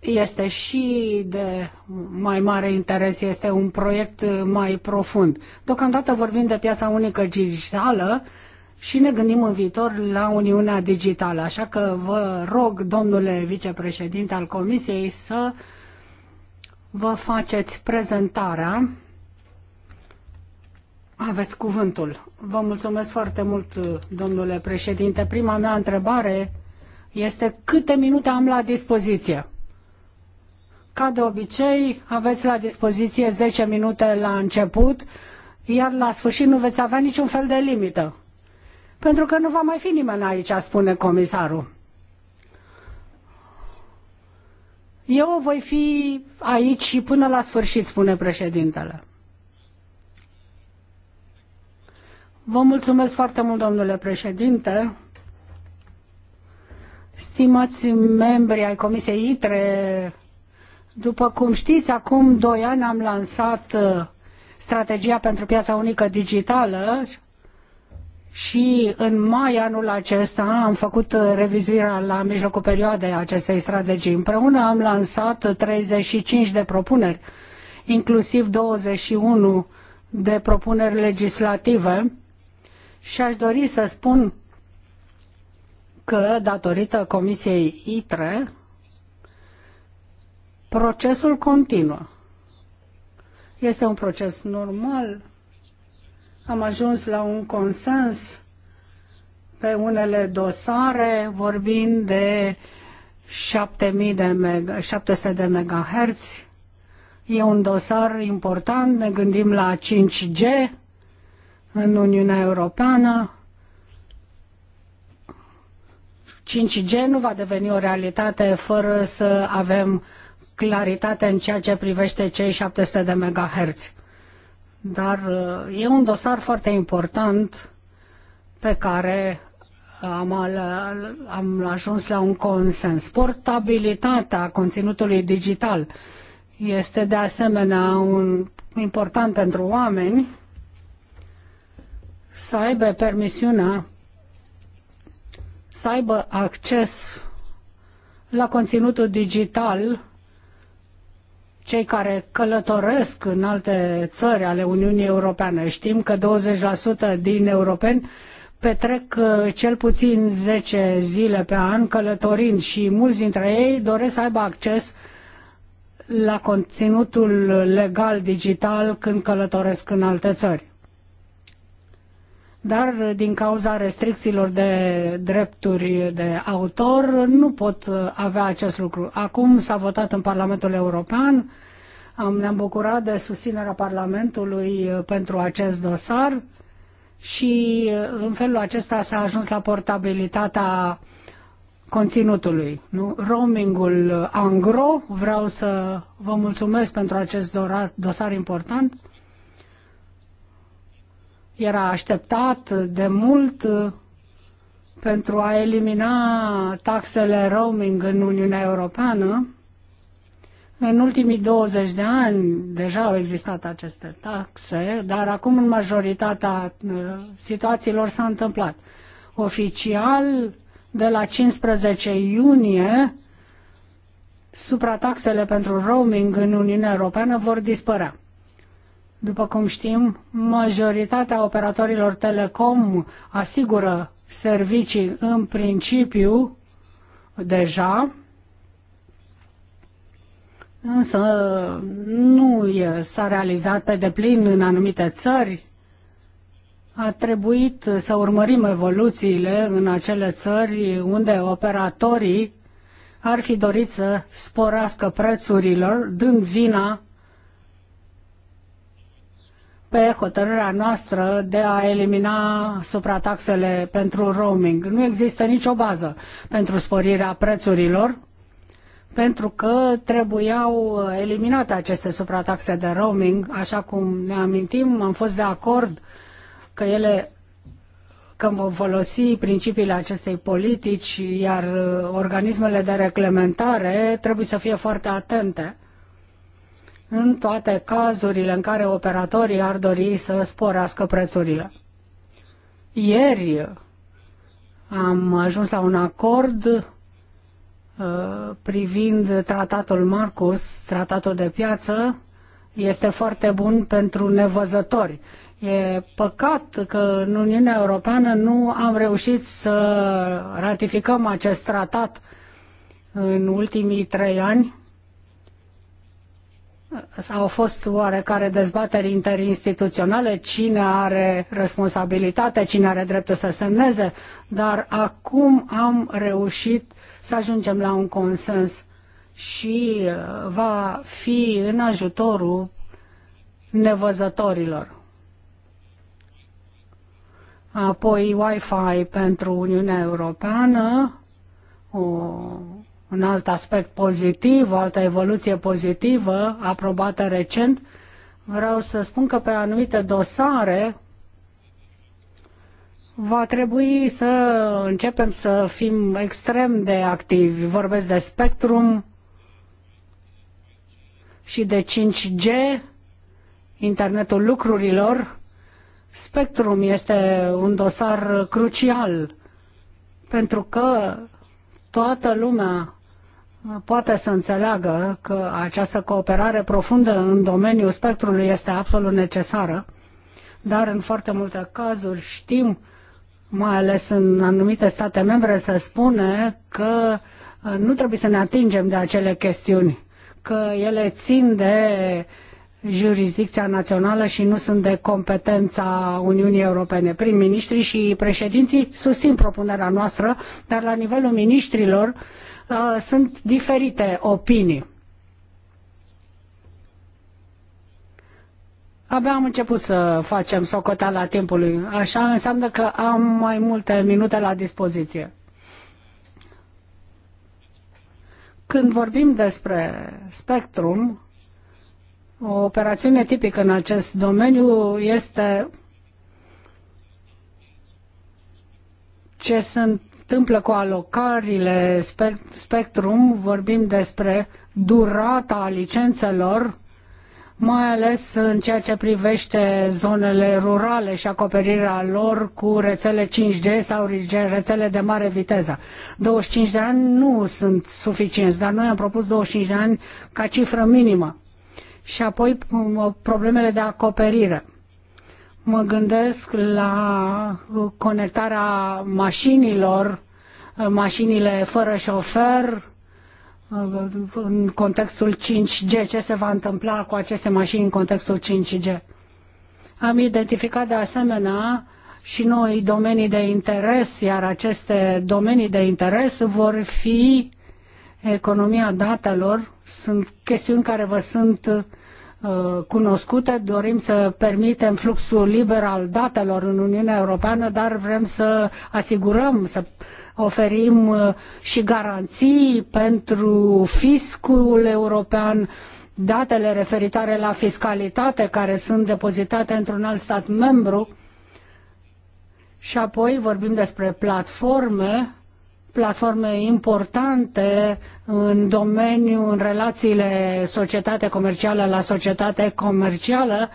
este și de mai mare interes, este un proiect mai profund. Deocamdată vorbim de piața unică digitală și ne gândim în viitor la Uniunea Digitală. Așa că vă rog, domnule vicepreședinte al Comisiei, să vă faceți prezentarea. Aveți cuvântul. Vă mulțumesc foarte mult, domnule președinte. Prima mea întrebare este câte minute am la dispoziție? Ca de obicei, aveți la dispoziție 10 minute la început, iar la sfârșit nu veți avea niciun fel de limită. Pentru că nu va mai fi nimeni aici, spune comisarul. Eu voi fi aici și până la sfârșit, spune președintele. Vă mulțumesc foarte mult, domnule președinte. Stimați membri ai Comisiei ITRE, după cum știți, acum doi ani am lansat uh, strategia pentru piața unică digitală și în mai anul acesta am făcut uh, revizuirea la mijlocul perioadei acestei strategii. Împreună am lansat 35 de propuneri, inclusiv 21 de propuneri legislative și aș dori să spun că, datorită Comisiei ITRE, Procesul continuă. Este un proces normal. Am ajuns la un consens pe unele dosare, vorbind de 7000 de mega, 700 de MHz. E un dosar important, ne gândim la 5G în Uniunea Europeană. 5G nu va deveni o realitate fără să avem claritate în ceea ce privește cei 700 de MHz. Dar uh, e un dosar foarte important pe care am, am ajuns la un consens. Portabilitatea conținutului digital este de asemenea un, important pentru oameni să aibă permisiunea să aibă acces la conținutul digital cei care călătoresc în alte țări ale Uniunii Europene. Știm că 20% din europeni petrec uh, cel puțin zece zile pe an călătorind și mulți dintre ei doresc să aibă acces la conținutul legal digital când călătoresc în alte țări dar din cauza restricțiilor de drepturi de autor nu pot uh, avea acest lucru. Acum s-a votat în Parlamentul European, am, ne-am bucurat de susținerea Parlamentului uh, pentru acest dosar și uh, în felul acesta s-a ajuns la portabilitatea conținutului. Nu? Roamingul angro, vreau să vă mulțumesc pentru acest dosar important era așteptat de mult uh, pentru a elimina taxele roaming în Uniunea Europeană. În ultimii 20 de ani deja au existat aceste taxe, dar acum în majoritatea uh, situațiilor s-a întâmplat. Oficial, de la 15 iunie, suprataxele pentru roaming în Uniunea Europeană vor dispărea. După cum știm, majoritatea operatorilor telecom asigură servicii în principiu deja, însă nu s-a realizat pe deplin în anumite țări. A trebuit să urmărim evoluțiile în acele țări unde operatorii ar fi dorit să sporească prețurilor, dând vina pe hotărârea noastră de a elimina suprataxele pentru roaming. Nu există nicio bază pentru sporirea prețurilor, pentru că trebuiau eliminate aceste suprataxe de roaming. Așa cum ne amintim, am fost de acord că ele când vom folosi principiile acestei politici, iar uh, organismele de reglementare trebuie să fie foarte atente în toate cazurile în care operatorii ar dori să sporească prețurile. Ieri am ajuns la un acord uh, privind tratatul Marcus, tratatul de piață, este foarte bun pentru nevăzători. E păcat că în Uniunea Europeană nu am reușit să ratificăm acest tratat în ultimii trei ani au fost oarecare dezbateri interinstituționale, cine are responsabilitate, cine are dreptul să semneze, dar acum am reușit să ajungem la un consens și uh, va fi în ajutorul nevăzătorilor. Apoi Wi-Fi pentru Uniunea Europeană, o un alt aspect pozitiv, o altă evoluție pozitivă, aprobată recent, vreau să spun că pe anumite dosare va trebui să începem să fim extrem de activi. Vorbesc de spectrum și de 5G, internetul lucrurilor. Spectrum este un dosar crucial pentru că toată lumea poate să înțeleagă că această cooperare profundă în domeniul spectrului este absolut necesară, dar în foarte multe cazuri știm, mai ales în anumite state membre, se spune că uh, nu trebuie să ne atingem de acele chestiuni, că ele țin de jurisdicția națională și nu sunt de competența Uniunii Europene. Prim-ministrii și președinții susțin propunerea noastră, dar la nivelul ministrilor Uh, sunt diferite opinii. Abia am început să facem socoteala timpului. Așa înseamnă că am mai multe minute la dispoziție. Când vorbim despre spectrum, o operațiune tipică în acest domeniu este ce sunt întâmplă cu alocările Spectrum, vorbim despre durata licențelor, mai ales în ceea ce privește zonele rurale și acoperirea lor cu rețele 5G sau rețele de mare viteză. 25 de ani nu sunt suficienți, dar noi am propus 25 de ani ca cifră minimă. Și apoi problemele de acoperire Mă gândesc la conectarea mașinilor, mașinile fără șofer, în contextul 5G, ce se va întâmpla cu aceste mașini în contextul 5G. Am identificat de asemenea și noi domenii de interes, iar aceste domenii de interes vor fi economia datelor, sunt chestiuni care vă sunt Uh, cunoscute, dorim să permitem fluxul liber al datelor în Uniunea Europeană, dar vrem să asigurăm, să oferim uh, și garanții pentru fiscul european, datele referitoare la fiscalitate care sunt depozitate într-un alt stat membru și apoi vorbim despre platforme platforme importante în domeniu, în relațiile societate comercială la societate comercială.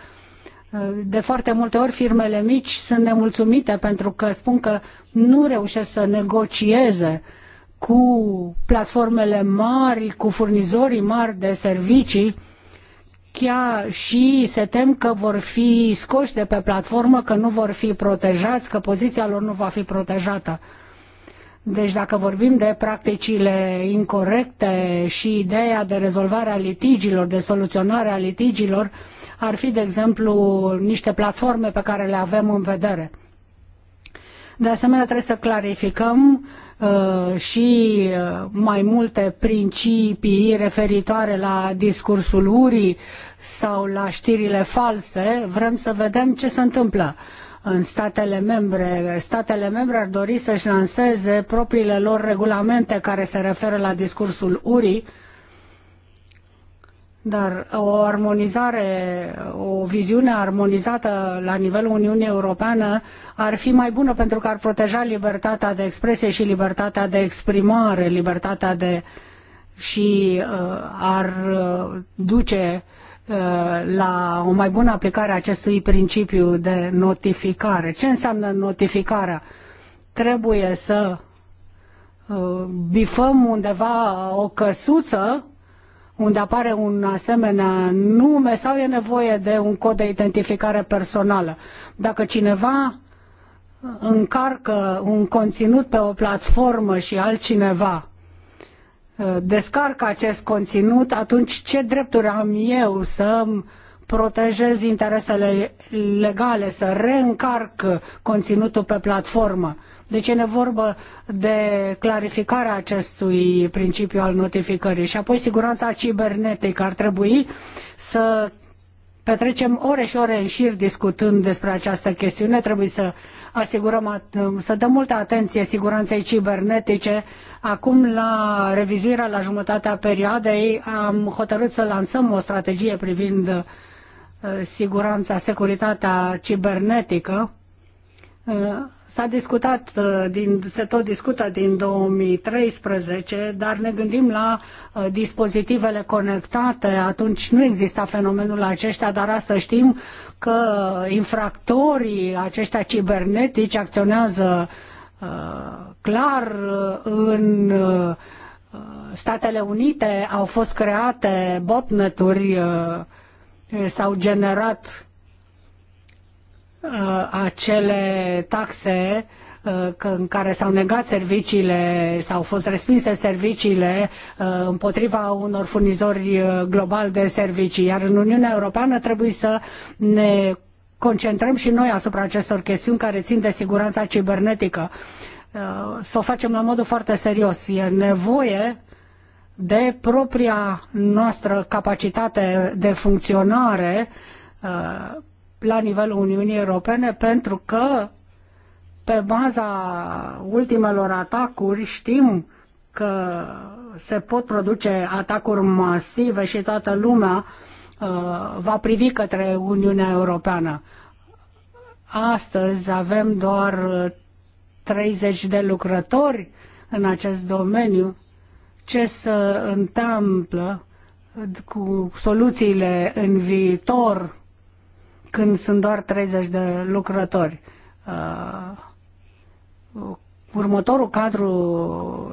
De foarte multe ori firmele mici sunt nemulțumite pentru că spun că nu reușesc să negocieze cu platformele mari, cu furnizorii mari de servicii, chiar și se tem că vor fi scoși de pe platformă, că nu vor fi protejați, că poziția lor nu va fi protejată. Deci dacă vorbim de practicile incorrecte și ideea de rezolvare a litigilor, de soluționare a litigilor, ar fi, de exemplu, niște platforme pe care le avem în vedere. De asemenea, trebuie să clarificăm uh, și uh, mai multe principii referitoare la discursul urii sau la știrile false. Vrem să vedem ce se întâmplă. Uh, în statele membre. Statele membre ar dori să-și lanseze propriile lor regulamente care se referă la discursul URI, dar o armonizare, o viziune armonizată la nivelul Uniunii Europeană ar fi mai bună pentru că ar proteja libertatea de expresie și libertatea de exprimare, libertatea de și uh, ar uh, duce Uh, la o mai bună aplicare a acestui principiu de notificare. Ce înseamnă notificarea? Trebuie să uh, bifăm undeva o căsuță unde apare un asemenea nume sau e nevoie de un cod de identificare personală. Dacă cineva încarcă un conținut pe o platformă și altcineva Uh, descarcă acest conținut, atunci ce drepturi am eu să îmi protejez interesele legale, să reîncarc conținutul pe platformă. Deci ne vorbă de clarificarea acestui principiu al notificării și apoi siguranța cibernetică ar trebui să petrecem ore și ore în șir discutând despre această chestiune. Trebuie să asigurăm, să dăm multă atenție siguranței cibernetice. Acum, la revizuirea la jumătatea perioadei, am hotărât să lansăm o strategie privind uh, siguranța, securitatea cibernetică Uh, s-a discutat, uh, din, se tot discută din 2013, dar ne gândim la uh, dispozitivele conectate. Atunci nu exista fenomenul acesta, dar asta știm că infractorii aceștia cibernetici acționează clar în Statele Unite. Au fost create botneturi, s-au generat Uh, acele taxe uh, în care s-au negat serviciile, s-au fost respinse serviciile uh, împotriva unor furnizori globali de servicii. Iar în Uniunea Europeană trebuie să ne concentrăm și noi asupra acestor chestiuni care țin de siguranța cibernetică. Să o facem la modul foarte serios. E nevoie de propria noastră capacitate de funcționare la nivelul Uniunii Europene pentru că pe baza ultimelor atacuri știm că se pot produce atacuri masive și toată lumea uh, va privi către Uniunea Europeană. Astăzi avem doar 30 de lucrători în acest domeniu. Ce se întâmplă cu soluțiile în viitor când sunt doar 30 de lucrători. Uh, următorul cadru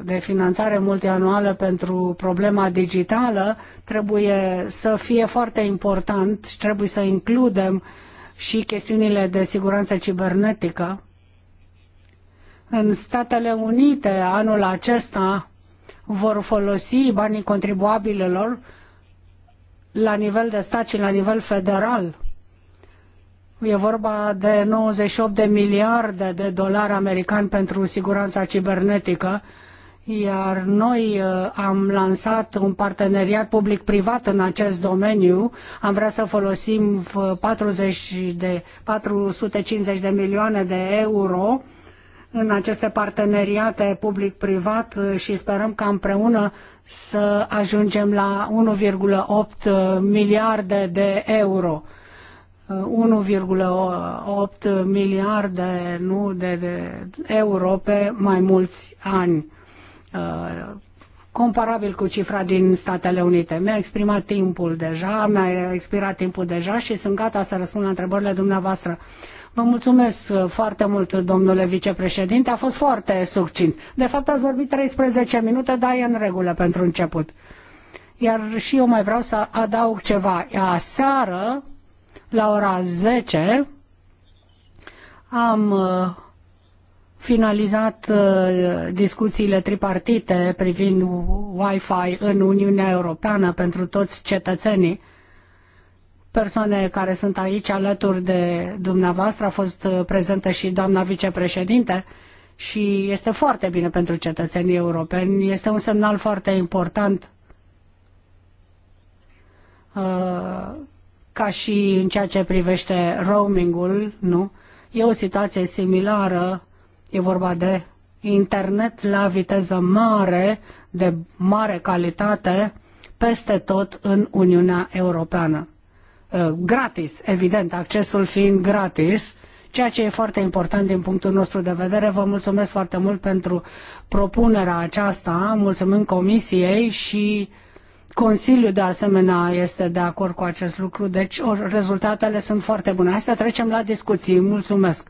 de finanțare multianuală pentru problema digitală trebuie să fie foarte important și trebuie să includem și chestiunile de siguranță cibernetică. În Statele Unite, anul acesta, vor folosi banii contribuabililor la nivel de stat și la nivel federal E vorba de 98 de miliarde de dolari americani pentru siguranța cibernetică, iar noi uh, am lansat un parteneriat public-privat în acest domeniu. Am vrea să folosim 40 uh, de, 450 de milioane de euro în aceste parteneriate public-privat uh, și sperăm ca împreună să ajungem la 1,8 miliarde de euro 1,8 miliarde nu, de, de euro pe mai mulți ani, uh, comparabil cu cifra din Statele Unite. Mi-a exprimat timpul deja, mi-a expirat timpul deja și sunt gata să răspund la întrebările dumneavoastră. Vă mulțumesc uh, foarte mult, domnule vicepreședinte, a fost foarte succint. De fapt, ați vorbit 13 minute, dar e în regulă pentru început. Iar și eu mai vreau să adaug ceva. Aseară, la ora 10 am uh, finalizat uh, discuțiile tripartite privind Wi-Fi în Uniunea Europeană pentru toți cetățenii. Persoane care sunt aici alături de dumneavoastră, a fost uh, prezentă și doamna vicepreședinte și este foarte bine pentru cetățenii europeni. Este un semnal foarte important ca și în ceea ce privește roamingul, nu? E o situație similară, e vorba de internet la viteză mare, de mare calitate, peste tot în Uniunea Europeană. Ă, gratis, evident, accesul fiind gratis, ceea ce e foarte important din punctul nostru de vedere. Vă mulțumesc foarte mult pentru propunerea aceasta, mulțumim Comisiei și Consiliul, de asemenea, este de acord cu acest lucru, deci or, rezultatele sunt foarte bune. Asta trecem la discuții. Mulțumesc.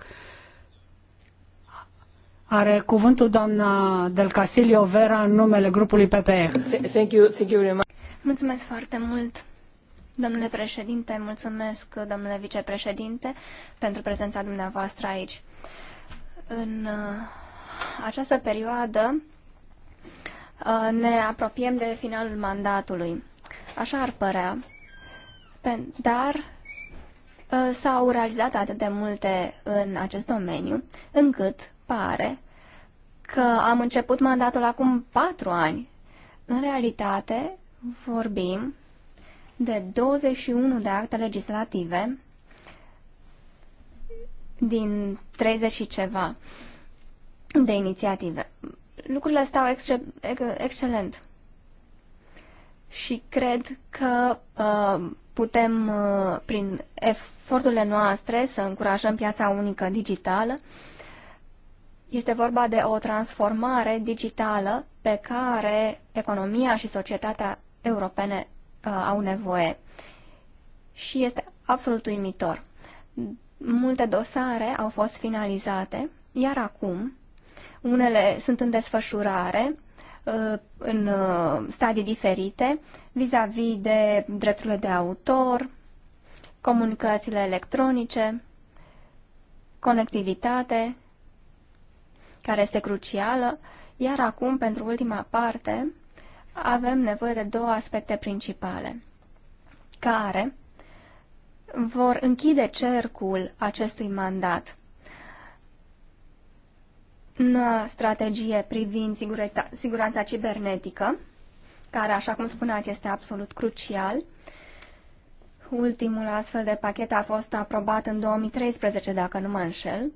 Are cuvântul doamna Del Castillo Vera în numele grupului PPE. Thank you, thank you very much. Mulțumesc foarte mult. Domnule președinte, mulțumesc, domnule vicepreședinte, pentru prezența dumneavoastră aici. În uh, această perioadă Uh, ne apropiem de finalul mandatului. Așa ar părea. Dar uh, s-au realizat atât de multe în acest domeniu, încât pare că am început mandatul acum patru ani. În realitate, vorbim de 21 de acte legislative din 30 și ceva de inițiative lucrurile stau excep, excelent. Și cred că uh, putem, uh, prin eforturile noastre, să încurajăm piața unică digitală. Este vorba de o transformare digitală pe care economia și societatea europene uh, au nevoie. Și este absolut uimitor. Multe dosare au fost finalizate, iar acum unele sunt în desfășurare uh, în uh, stadii diferite vis-a-vis -vis de drepturile de autor, comunicațiile electronice, conectivitate, care este crucială, iar acum, pentru ultima parte, avem nevoie de două aspecte principale, care vor închide cercul acestui mandat în strategie privind siguranța cibernetică, care, așa cum spuneați, este absolut crucial. Ultimul astfel de pachet a fost aprobat în 2013, dacă nu mă înșel.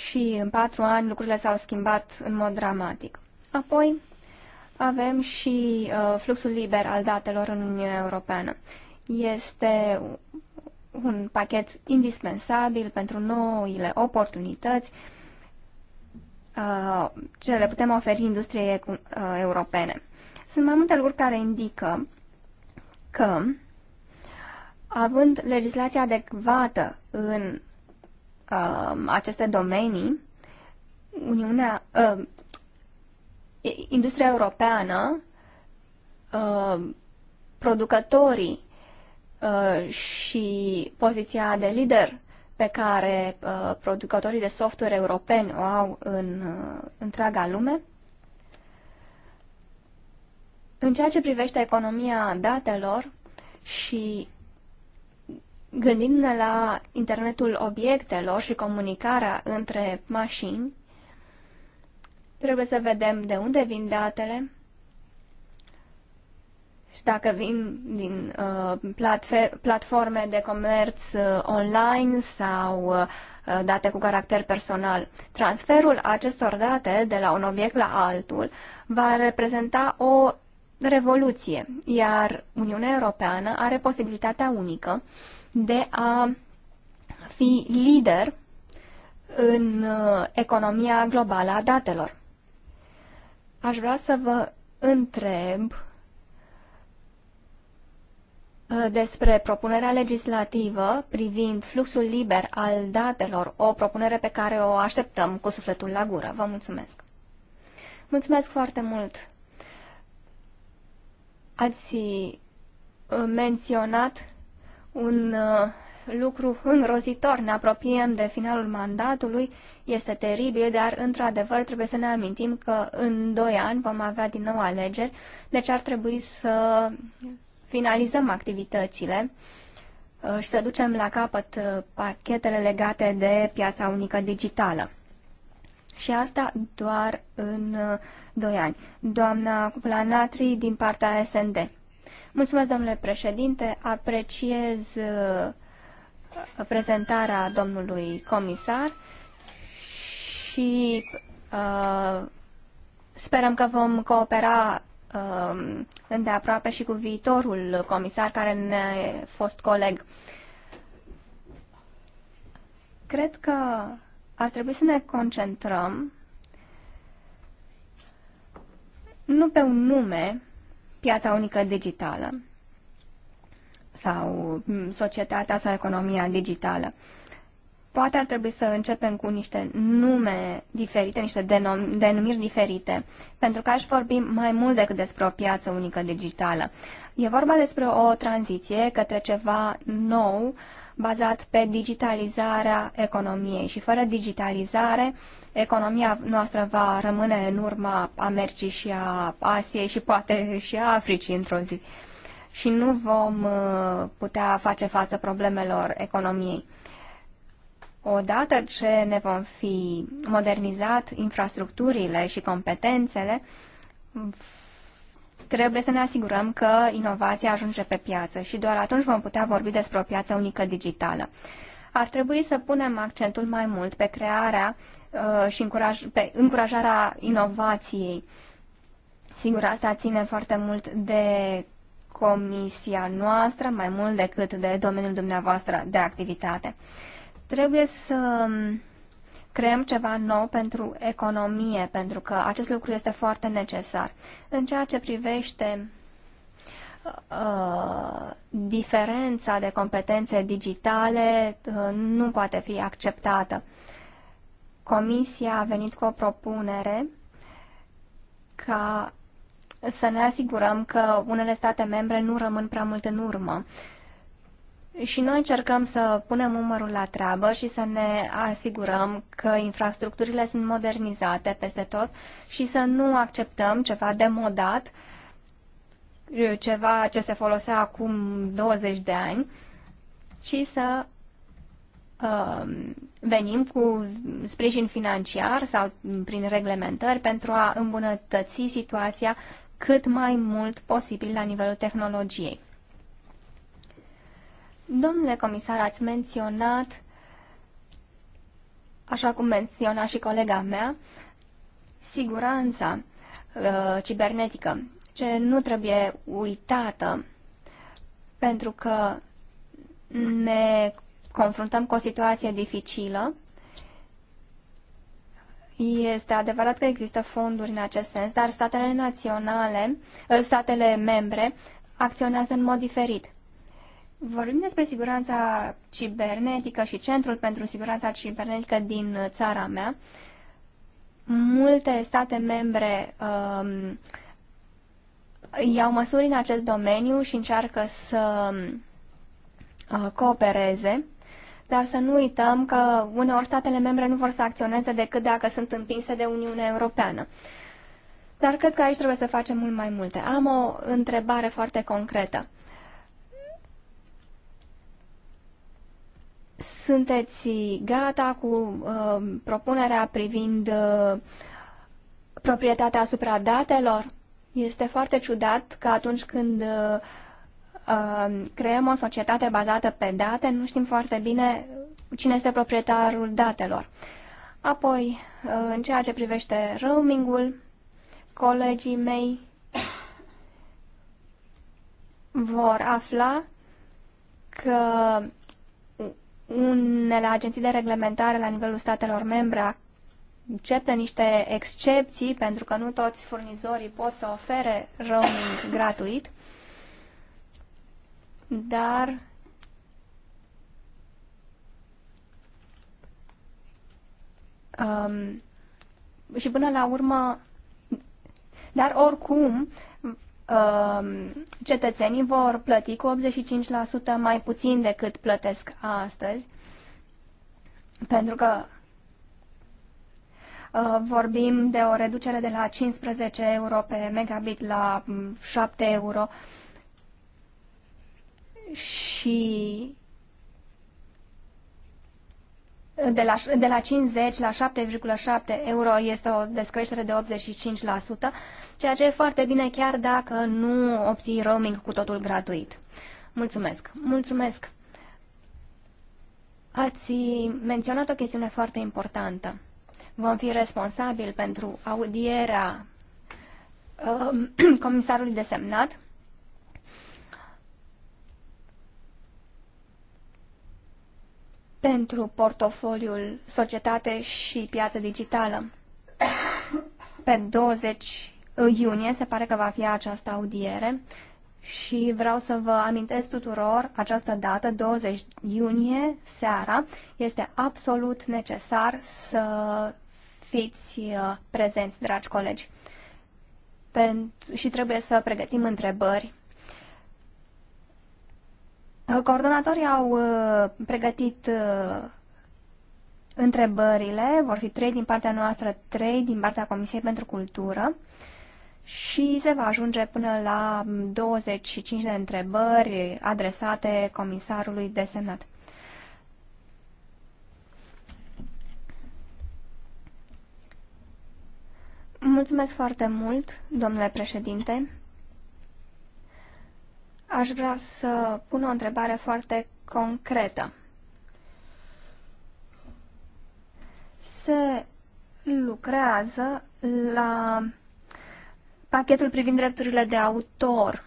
Și în patru ani lucrurile s-au schimbat în mod dramatic. Apoi avem și uh, fluxul liber al datelor în Uniunea Europeană. Este un pachet indispensabil pentru noile oportunități uh, ce le putem oferi industriei uh, europene. Sunt mai multe lucruri care indică că, având legislația adecvată în uh, aceste domenii, Uniunea, uh, industria europeană, uh, producătorii Uh, și poziția de lider pe care uh, producătorii de software europeni o au în uh, întreaga lume. În ceea ce privește economia datelor și gândindu-ne la internetul obiectelor și comunicarea între mașini, trebuie să vedem de unde vin datele, și dacă vin din uh, platforme de comerț uh, online sau uh, date cu caracter personal. Transferul acestor date de la un obiect la altul va reprezenta o revoluție, iar Uniunea Europeană are posibilitatea unică de a fi lider în uh, economia globală a datelor. Aș vrea să vă întreb Uh, despre propunerea legislativă privind fluxul liber al datelor, o propunere pe care o așteptăm cu sufletul la gură. Vă mulțumesc! Mulțumesc foarte mult! Ați uh, menționat un uh, lucru îngrozitor. Ne apropiem de finalul mandatului, este teribil, dar într-adevăr trebuie să ne amintim că în doi ani vom avea din nou alegeri, deci ar trebui să finalizăm activitățile uh, și să ducem la capăt uh, pachetele legate de piața unică digitală. Și asta doar în 2 uh, ani. Doamna Natri din partea SND. Mulțumesc, domnule președinte, apreciez prezentarea domnului comisar și uh, sperăm că vom coopera Um, îndeaproape și cu viitorul comisar care ne fost coleg. Cred că ar trebui să ne concentrăm nu pe un nume, piața unică digitală sau societatea sau economia digitală, poate ar trebui să începem cu niște nume diferite, niște denum- denumiri diferite, pentru că aș vorbi mai mult decât despre o piață unică digitală. E vorba despre o tranziție către ceva nou, bazat pe digitalizarea economiei și fără digitalizare, economia noastră va rămâne în urma Americii și a Asiei și poate și a Africii într-o zi. Și nu vom uh, putea face față problemelor economiei odată ce ne vom fi modernizat infrastructurile și competențele, trebuie să ne asigurăm că inovația ajunge pe piață și doar atunci vom putea vorbi despre o piață unică digitală. Ar trebui să punem accentul mai mult pe crearea uh, și încuraj, pe încurajarea inovației. Sigur, asta ține foarte mult de comisia noastră, mai mult decât de domeniul dumneavoastră de activitate. Uh, Trebuie să um, creăm ceva nou pentru economie, pentru că acest lucru este foarte necesar. În ceea ce privește uh, diferența de competențe digitale uh, nu poate fi acceptată. Comisia a venit cu o propunere ca să ne asigurăm că unele state membre nu rămân prea mult în urmă. Uh, și noi încercăm să punem umărul la treabă și să ne asigurăm că infrastructurile sunt modernizate peste tot și să nu acceptăm ceva demodat, ceva ce se folosea acum 20 de ani, ci să um, venim cu sprijin financiar sau prin reglementări pentru a îmbunătăți situația cât mai mult posibil la nivelul tehnologiei. Domnule comisar, ați menționat, așa cum menționa și colega mea, siguranța uh, cibernetică, ce nu trebuie uitată, pentru că ne confruntăm cu o situație dificilă. Este adevărat că există fonduri în acest sens, dar statele naționale, uh, statele membre acționează în mod diferit. Vorbim despre siguranța cibernetică și Centrul pentru Siguranța Cibernetică din țara mea. Multe state membre um, iau măsuri în acest domeniu și încearcă să uh, coopereze, dar să nu uităm că uneori statele membre nu vor să acționeze decât dacă sunt împinse de Uniunea Europeană. Dar cred că aici trebuie să facem mult mai multe. Am o întrebare foarte concretă. sunteți gata cu uh, propunerea privind uh, proprietatea asupra datelor? Este foarte ciudat că atunci când uh, uh, creăm o societate bazată pe date, nu știm foarte bine cine este proprietarul datelor. Apoi, uh, în ceea ce privește roamingul, colegii mei vor afla că unele agenții de reglementare la nivelul statelor membre acceptă niște excepții, pentru că nu toți furnizorii pot să ofere roaming gratuit, dar um, și până la urmă, dar oricum, Um, cetățenii vor plăti cu 85% mai puțin decât plătesc astăzi, pentru că uh, vorbim de o reducere de la 15 euro pe megabit la 7 um, euro și de la, de la 50 la 7,7 euro este o descreștere de 85%, ceea ce e foarte bine chiar dacă nu obții roaming cu totul gratuit. Mulțumesc! Mulțumesc! Ați menționat o chestiune foarte importantă. Vom fi responsabili pentru audierea uh, comisarului desemnat pentru portofoliul societate și piață digitală. Pe 20 iunie se pare că va fi această audiere și vreau să vă amintesc tuturor această dată, 20 iunie, seara, este absolut necesar să fiți uh, prezenți, dragi colegi. Pentru, și trebuie să pregătim întrebări Coordonatorii au uh, pregătit uh, întrebările, vor fi trei din partea noastră, trei din partea Comisiei pentru Cultură și se va ajunge până la 25 de întrebări adresate comisarului desemnat. Mulțumesc foarte mult, domnule președinte. Aș vrea să pun o întrebare foarte concretă. Se lucrează la pachetul privind drepturile de autor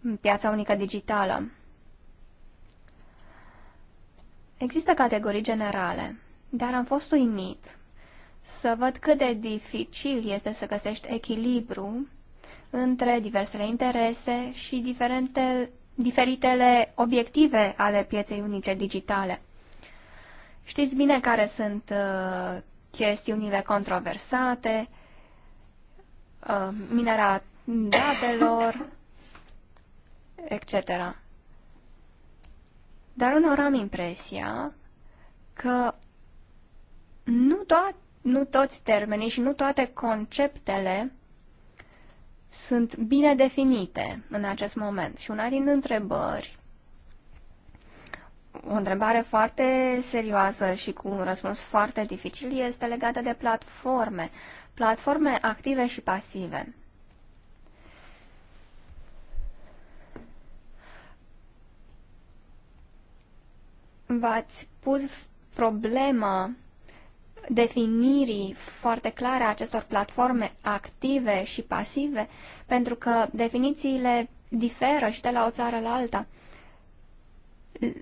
în piața unică digitală. Există categorii generale, dar am fost uimit să văd cât de dificil este să găsești echilibru între diversele interese și diferente, diferitele obiective ale pieței unice digitale. Știți bine care sunt uh, chestiunile controversate, uh, minera datelor, etc. Dar unor am impresia că nu, to- nu toți termenii și nu toate conceptele sunt bine definite în acest moment. Și una din întrebări, o întrebare foarte serioasă și cu un răspuns foarte dificil, este legată de platforme, platforme active și pasive. V-ați pus problema definirii foarte clare a acestor platforme active și pasive, pentru că definițiile diferă și de la o țară la alta.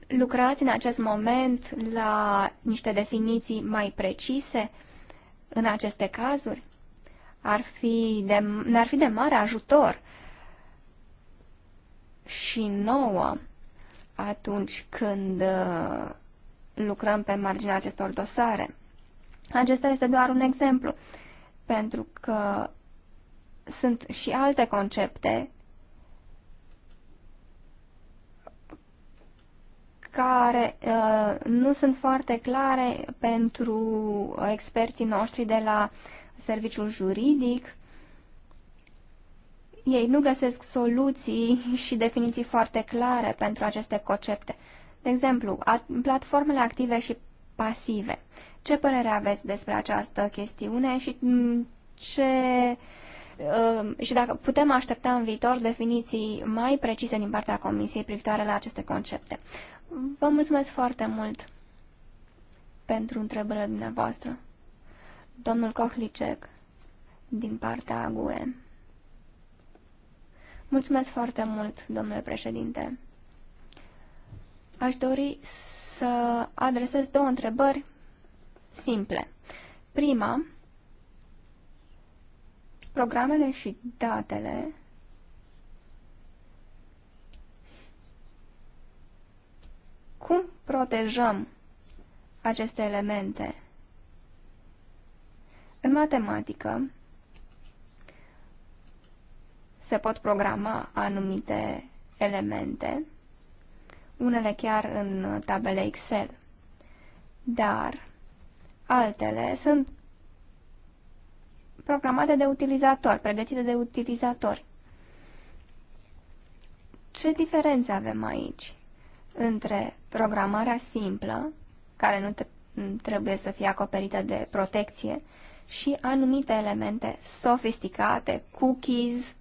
Lucrați în acest moment la niște definiții mai precise în aceste cazuri? Ar fi de, ne-ar fi de mare ajutor și nouă atunci când uh, lucrăm pe marginea acestor dosare. Acesta este doar un exemplu, pentru că sunt și alte concepte care uh, nu sunt foarte clare pentru experții noștri de la serviciul juridic. Ei nu găsesc soluții și definiții foarte clare pentru aceste concepte. De exemplu, platformele active și pasive. Ce părere aveți despre această chestiune și mm, ce um, și dacă putem aștepta în viitor definiții mai precise din partea Comisiei privitoare la aceste concepte. Vă mulțumesc foarte mult pentru întrebările dumneavoastră. Domnul Kohlicek, din partea GUE. Mulțumesc foarte mult, domnule președinte. Aș dori să adresez două întrebări simple. Prima, programele și datele cum protejăm aceste elemente? În matematică se pot programa anumite elemente unele chiar în tabele Excel. Dar altele sunt programate de utilizatori, pregătite de utilizatori. Ce diferență avem aici între programarea simplă, care nu te, trebuie să fie acoperită de protecție, și anumite elemente sofisticate, cookies,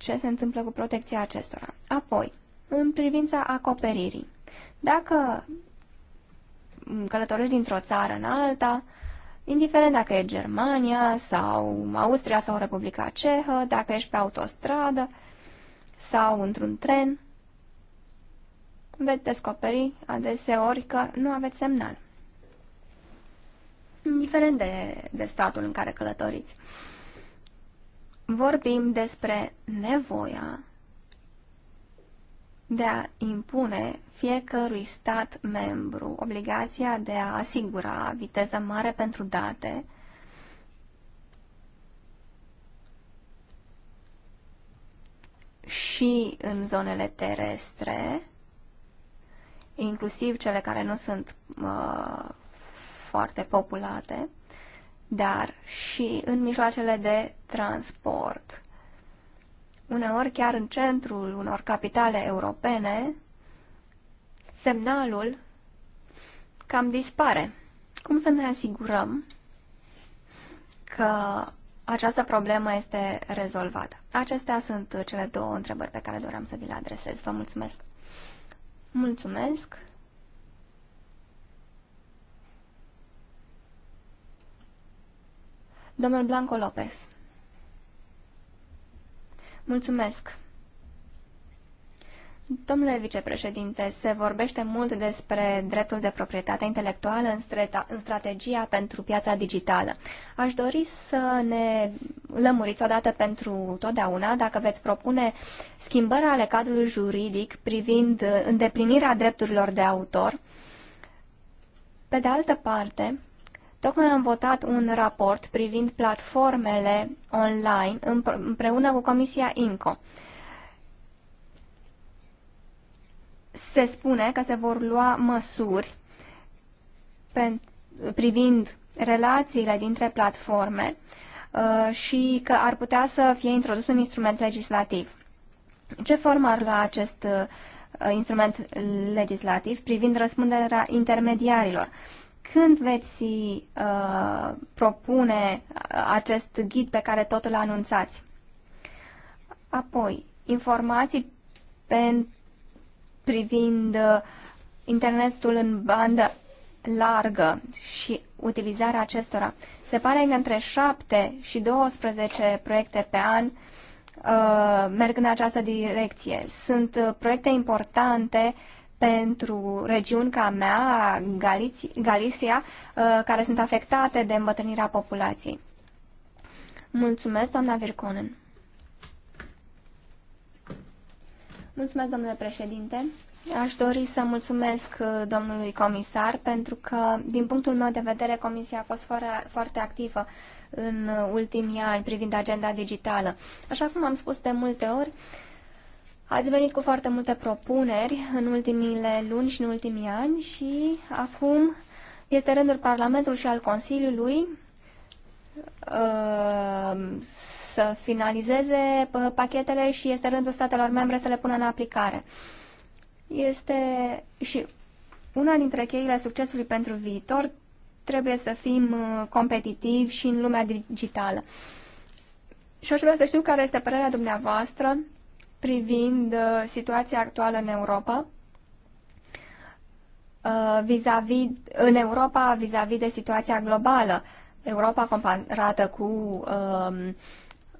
ce se întâmplă cu protecția acestora. Apoi, în privința acoperirii. Dacă călătorești dintr-o țară în alta, indiferent dacă e Germania sau Austria sau Republica Cehă, dacă ești pe autostradă sau într-un tren, veți descoperi adeseori că nu aveți semnal. Indiferent de, de statul în care călătoriți vorbim despre nevoia de a impune fiecărui stat membru obligația de a asigura viteză mare pentru date, și în zonele terestre, inclusiv cele care nu sunt uh, foarte populate, dar și în mijloacele de transport. Uneori, chiar în centrul unor capitale europene, semnalul cam dispare. Cum să ne asigurăm că această problemă este rezolvată? Acestea sunt cele două întrebări pe care doream să vi le adresez. Vă mulțumesc! Mulțumesc! Domnul Blanco Lopez. Mulțumesc. Domnule vicepreședinte, se vorbește mult despre dreptul de proprietate intelectuală în, streta, în strategia pentru piața digitală. Aș dori să ne lămuriți odată pentru totdeauna dacă veți propune schimbări ale cadrului juridic privind îndeplinirea drepturilor de autor. Pe de altă parte, Tocmai am votat un raport privind platformele online împreună cu Comisia INCO. Se spune că se vor lua măsuri privind relațiile dintre platforme uh, și că ar putea să fie introdus un instrument legislativ. Ce formă ar lua acest uh, instrument legislativ privind răspunderea intermediarilor? Când veți uh, propune uh, acest ghid pe care tot îl anunțați? Apoi, informații pen, privind uh, internetul în bandă largă și utilizarea acestora. Se pare că între 7 și 12 proiecte pe an uh, merg în această direcție. Sunt uh, proiecte importante uh, pentru regiuni ca mea, Galicia, uh, care sunt afectate de îmbătrânirea populației. Mulțumesc, doamna Virconen. Mulțumesc, domnule președinte. Aș dori să mulțumesc uh, domnului comisar pentru că, din punctul meu de vedere, comisia a fost foarte activă în ultimii ani privind agenda digitală. Așa cum am spus de multe ori, uh, Ați venit cu foarte multe propuneri în ultimile luni și în ultimii ani și acum este rândul Parlamentului și al Consiliului uh, să finalizeze uh, pachetele și este rândul statelor membre să le pună în aplicare. Este și una dintre cheile succesului pentru viitor trebuie să fim uh, competitivi și în lumea digitală. Și aș vrea să știu care este părerea dumneavoastră privind uh, situația actuală în Europa, uh, vis, vis în Europa vis-a-vis -vis de situația globală. Europa comparată cu uh,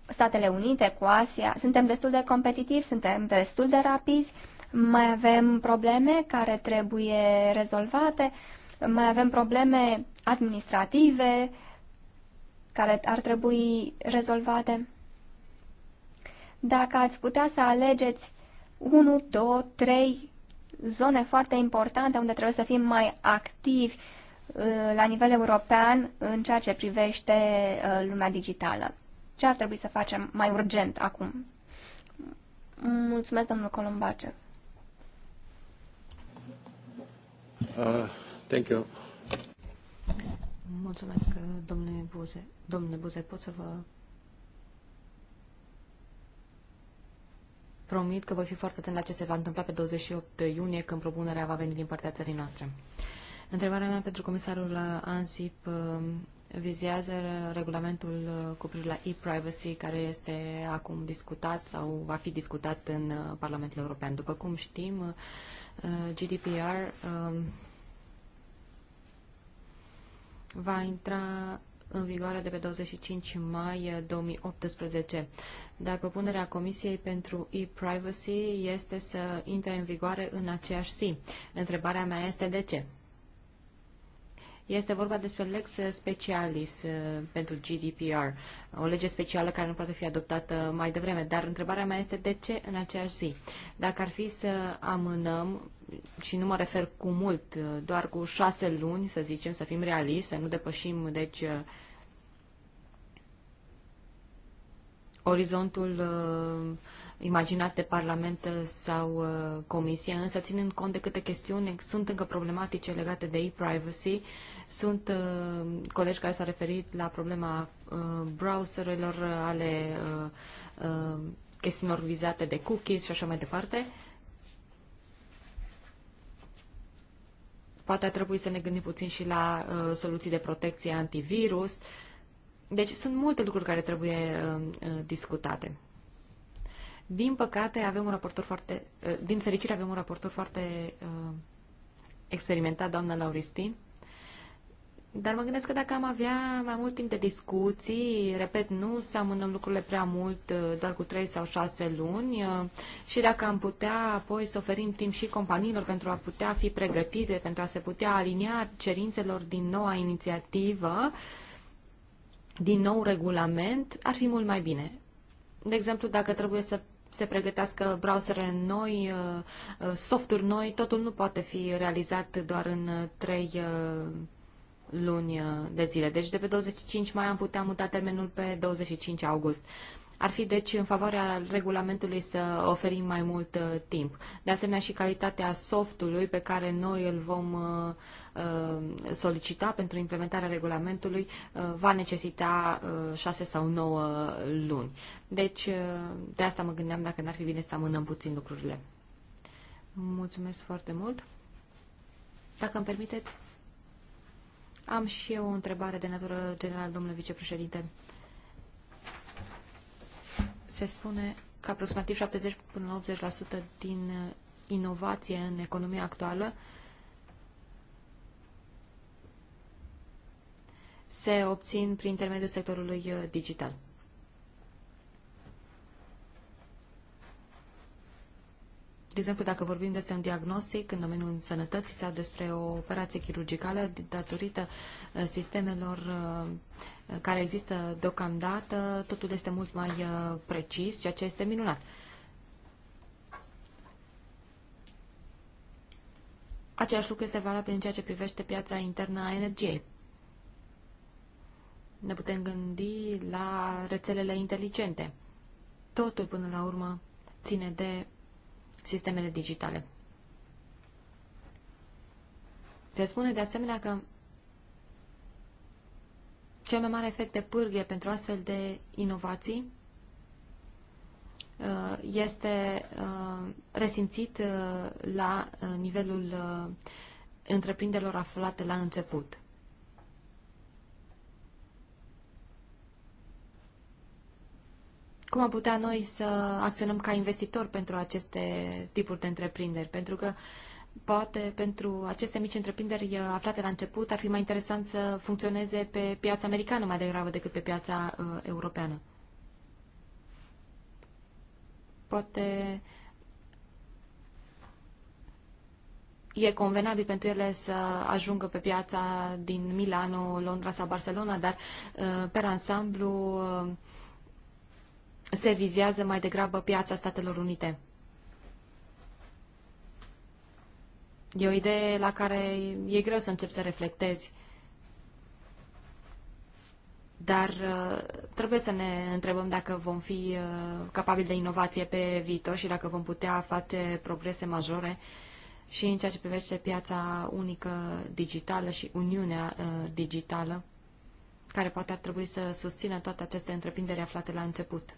Statele Unite, cu Asia, suntem destul de competitivi, suntem destul de rapizi, mai avem probleme care trebuie rezolvate, mai avem probleme administrative care ar trebui rezolvate dacă ați putea să alegeți 1, 2, 3 zone foarte importante unde trebuie să fim mai activi uh, la nivel european în ceea ce privește uh, lumea digitală. Ce ar trebui să facem mai urgent acum? Mulțumesc, domnul Columbace. Uh, thank you. Mulțumesc, domnule Buze. Domnule Buze, pot să vă promit că voi fi foarte atent la ce se va întâmpla pe 28 iunie, când propunerea va veni din partea țării noastre. Întrebarea mea pentru comisarul ANSIP uh, vizează regulamentul uh, cu privire la e-privacy care este acum discutat sau va fi discutat în uh, Parlamentul European. După cum știm, GDPR va intra în vigoare de pe 25 mai 2018. Eh, Dar propunerea Comisiei pentru e-privacy este să intre în vigoare în aceeași zi. Întrebarea mea este de ce? Este vorba despre lex specialis uh, pentru GDPR, o lege specială care nu poate fi adoptată mai devreme. Dar întrebarea mea este de ce în aceeași zi? Dacă ar fi să amânăm, și nu mă refer cu mult, uh, doar cu șase luni, să zicem, să fim realiști, să nu depășim, deci, uh, orizontul uh, imaginat de Parlament sau uh, Comisie, însă ținând cont de câte chestiuni sunt încă problematice legate de e-privacy, sunt uh, colegi care s-au referit la problema uh, browserelor, ale chestiunilor vizate de cookies și așa mai departe. Poate ar trebui să ne gândim puțin și la uh, soluții de protecție antivirus. Deci sunt multe lucruri care trebuie uh, discutate. Din păcate, avem un raportor foarte... Eh, din fericire, avem un raportor foarte uh, experimentat, doamna Lauristin. Dar mă gândesc că dacă am avea mai mult timp de discuții, repet, nu să amânăm lucrurile prea mult, eh, doar cu 3 sau 6 luni, și dacă am putea apoi să oferim timp și companiilor pentru a putea fi pregătite, pentru a se putea alinia cerințelor din noua inițiativă, din nou regulament, ar fi mult mai bine. De exemplu, dacă trebuie să se pregătească browsere noi, uh, softuri noi, totul nu poate fi realizat doar în uh, trei uh, luni de zile. Deci de pe 25 mai am putea muta termenul pe 25 august. Ar fi deci în favoarea regulamentului să oferim mai mult uh, timp. De asemenea și calitatea softului pe care noi îl vom uh, uh solicita pentru implementarea regulamentului uh, va necesita uh, 6 sau 9 luni. Deci uh, de asta mă gândeam dacă n-ar fi bine să amânăm puțin lucrurile. Mulțumesc foarte mult. Dacă îmi permiteți, am și eu o întrebare de natură generală, domnule vicepreședinte se spune că aproximativ 70 până la 80% din uh, inovație în economia actuală se obțin prin intermediul sectorului uh, digital. De exemplu, dacă vorbim despre un diagnostic în domeniul sănătății sau despre o operație chirurgicală, datorită uh, sistemelor care există deocamdată, totul este mult mai uh, precis, ceea ce este minunat. Același lucru este valabil în ceea ce privește piața internă a energiei. Ne putem gândi la rețelele inteligente. Totul, până la urmă, ține de sistemele digitale. Se spune de asemenea că cel mai mare efect de pârghie pentru astfel de inovații uh, este uh, resimțit uh, la nivelul întreprinderilor aflate la început. Cum am putea noi să acționăm ca investitori pentru aceste tipuri de întreprinderi? Pentru că uh, Poate pentru aceste mici întreprinderi uh, aflate la început ar fi mai interesant să funcționeze pe piața americană mai degrabă decât pe piața uh, europeană. Poate e convenabil pentru ele să ajungă pe piața din Milano, Londra sau Barcelona, dar uh, per ansamblu uh, se vizează mai degrabă piața Statelor Unite. E o idee la care e greu să încep să reflectezi. Dar uh, trebuie să ne întrebăm dacă vom fi uh, capabili de inovație pe viitor și dacă vom putea face progrese majore și în ceea ce privește piața unică digitală și Uniunea uh, digitală, care poate ar trebui să susțină toate aceste întreprinderi aflate la început.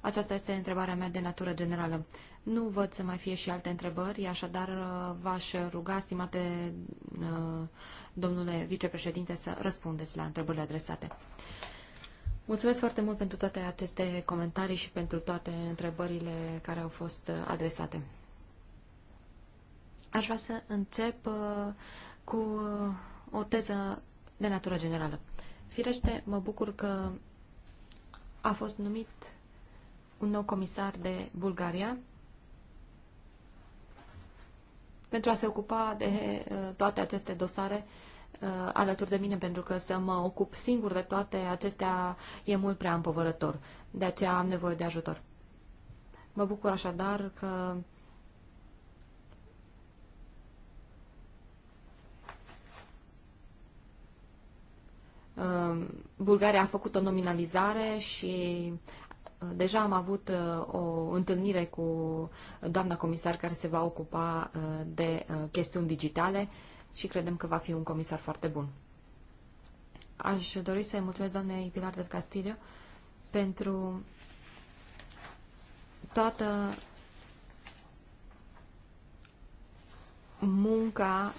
Aceasta este întrebarea mea de natură generală. Nu văd să mai fie și alte întrebări, așadar uh, v-aș ruga, stimate uh, domnule vicepreședinte, să răspundeți la întrebările adresate. Mulțumesc foarte mult pentru toate aceste comentarii și pentru toate întrebările care au fost uh, adresate. Aș vrea să încep cu o teză de natură generală. Firește, mă bucur că a fost numit un nou comisar de Bulgaria pentru a se ocupa de uh, toate aceste dosare uh, alături de mine, pentru că să mă ocup singur de toate acestea e mult prea împovărător. De aceea am nevoie de ajutor. Mă bucur așadar că uh, Bulgaria a făcut o nominalizare și Deja am avut uh, o întâlnire cu doamna comisar care se va ocupa uh, de uh, chestiuni digitale și credem că va fi un comisar foarte bun. Aș dori să-i mulțumesc doamnei Pilar del Castillo pentru toată munca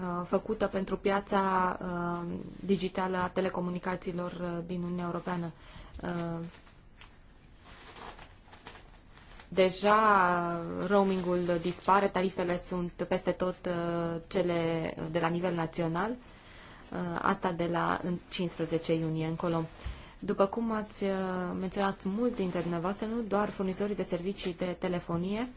Uh, făcută pentru piața uh, digitală a telecomunicațiilor uh, din Uniunea Europeană. Deja roamingul dispare, tarifele sunt peste tot cele de la nivel național, asta de la 15 iunie încolo. După cum ați menționat mult dintre dumneavoastră, nu doar furnizorii de servicii de telefonie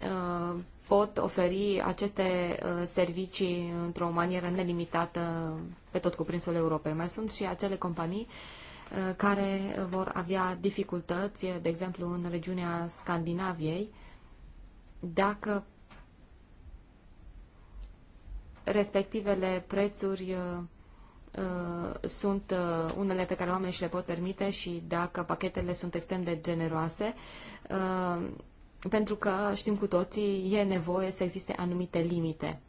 Uh, pot oferi aceste uh, servicii într-o manieră nelimitată pe tot cuprinsul Europei. Mai sunt și acele companii uh, care vor avea dificultăți, de exemplu în regiunea Scandinaviei, dacă respectivele prețuri sunt unele pe care oamenii și le pot permite și dacă pachetele sunt extrem de generoase, pentru că știm cu toții, e nevoie să existe anumite limite.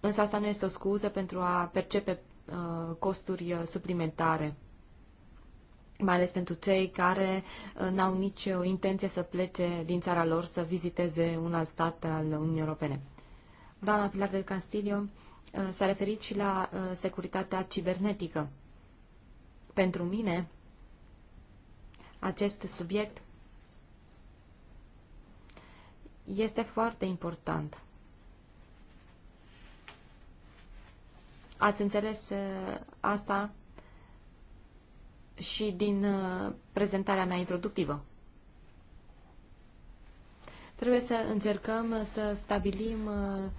Însă asta nu este o scuză pentru a percepe uh, costuri uh, suplimentare, mai ales pentru cei care uh, n-au nicio uh, intenție să plece din țara lor să viziteze un alt stat al Uniunii Europene. Doamna Pilar del Castillo uh, s-a referit și la uh, securitatea cibernetică. Pentru mine, acest subiect este foarte important. Ați înțeles uh, asta și din uh, prezentarea mea introductivă. Trebuie să încercăm să stabilim uh,